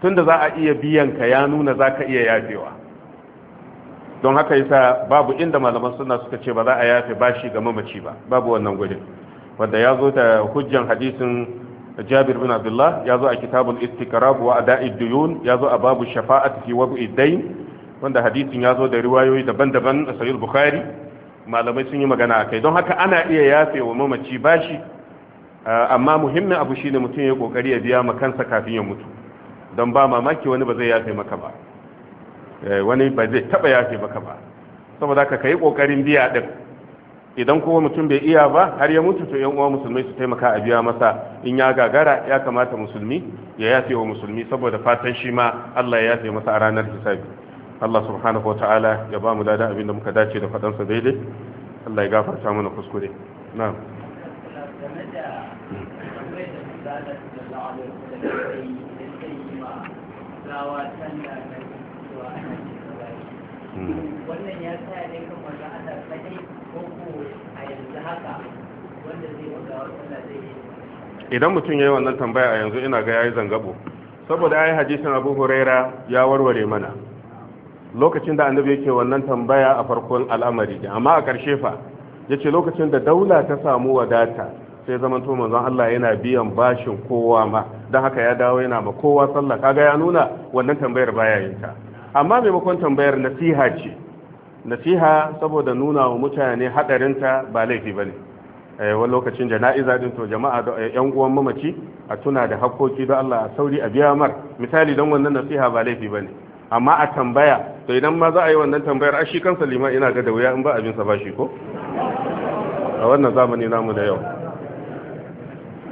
tunda za a iya biyan ka ya nuna zaka iya yafewa don haka yasa babu inda malaman suna suka ce ba za a yafe bashi ga mamaci ba babu wannan gurin wanda ya zo da hujjan hadisin jabir bin abdullah ya zo a kitabul istiqrab wa ada'id duyun ya zo a babu shafa'at fi wad'i dayn wanda hadisin ya zo da riwayoyi daban-daban a sahih bukhari malamai sun yi magana akai don haka ana iya yafe wa mamaci bashi eh, amma muhimmin abu shine mutum ya kokari ya biya ma kansa kafin ya mutu don ba mamaki wani ba zai yafe maka ba eh, wani ba zai taba yafe maka ba saboda haka kai kokarin biya din idan kuma mutum bai iya ba har ya mutu to yan uwa musulmai su taimaka a biya masa in ya gagara ya kamata musulmi ya yafe wa musulmi saboda fatan shi ma Allah ya yafe masa a ranar hisabi Allah subhanahu wataala ya ba mu dada abin da muka dace da fadansa daidai Allah ya gafarta mana kuskure na'am hmm. wannan ya sa ne idan mutum ya yi wannan tambaya a yanzu ina ga ya yi zangabo saboda ayi hadisin abu huraira ya warware mana lokacin da annabi yake wannan tambaya a farkon al'amari amma a ƙarshe fa ya ce lokacin da daula ta samu wadata sai zaman to manzon Allah yana biyan bashin kowa ma don haka ya dawo yana ma kowa sallah kaga ya nuna wannan tambayar baya yin amma maimakon tambayar nasiha ce nasiha saboda nuna wa mutane hadarinta ba laifi bane eh, wani lokacin jana'iza din to jama'a da eh, yan uwan mamaci a tuna da hakkoki da Allah a sauri a biya mar misali don wannan nasiha ba laifi bane amma a tambaya to idan ma za a yi wannan tambayar a shi kansa liman ina ga da wuya in ba abin sa ba shi ko a wannan zamani namu da yau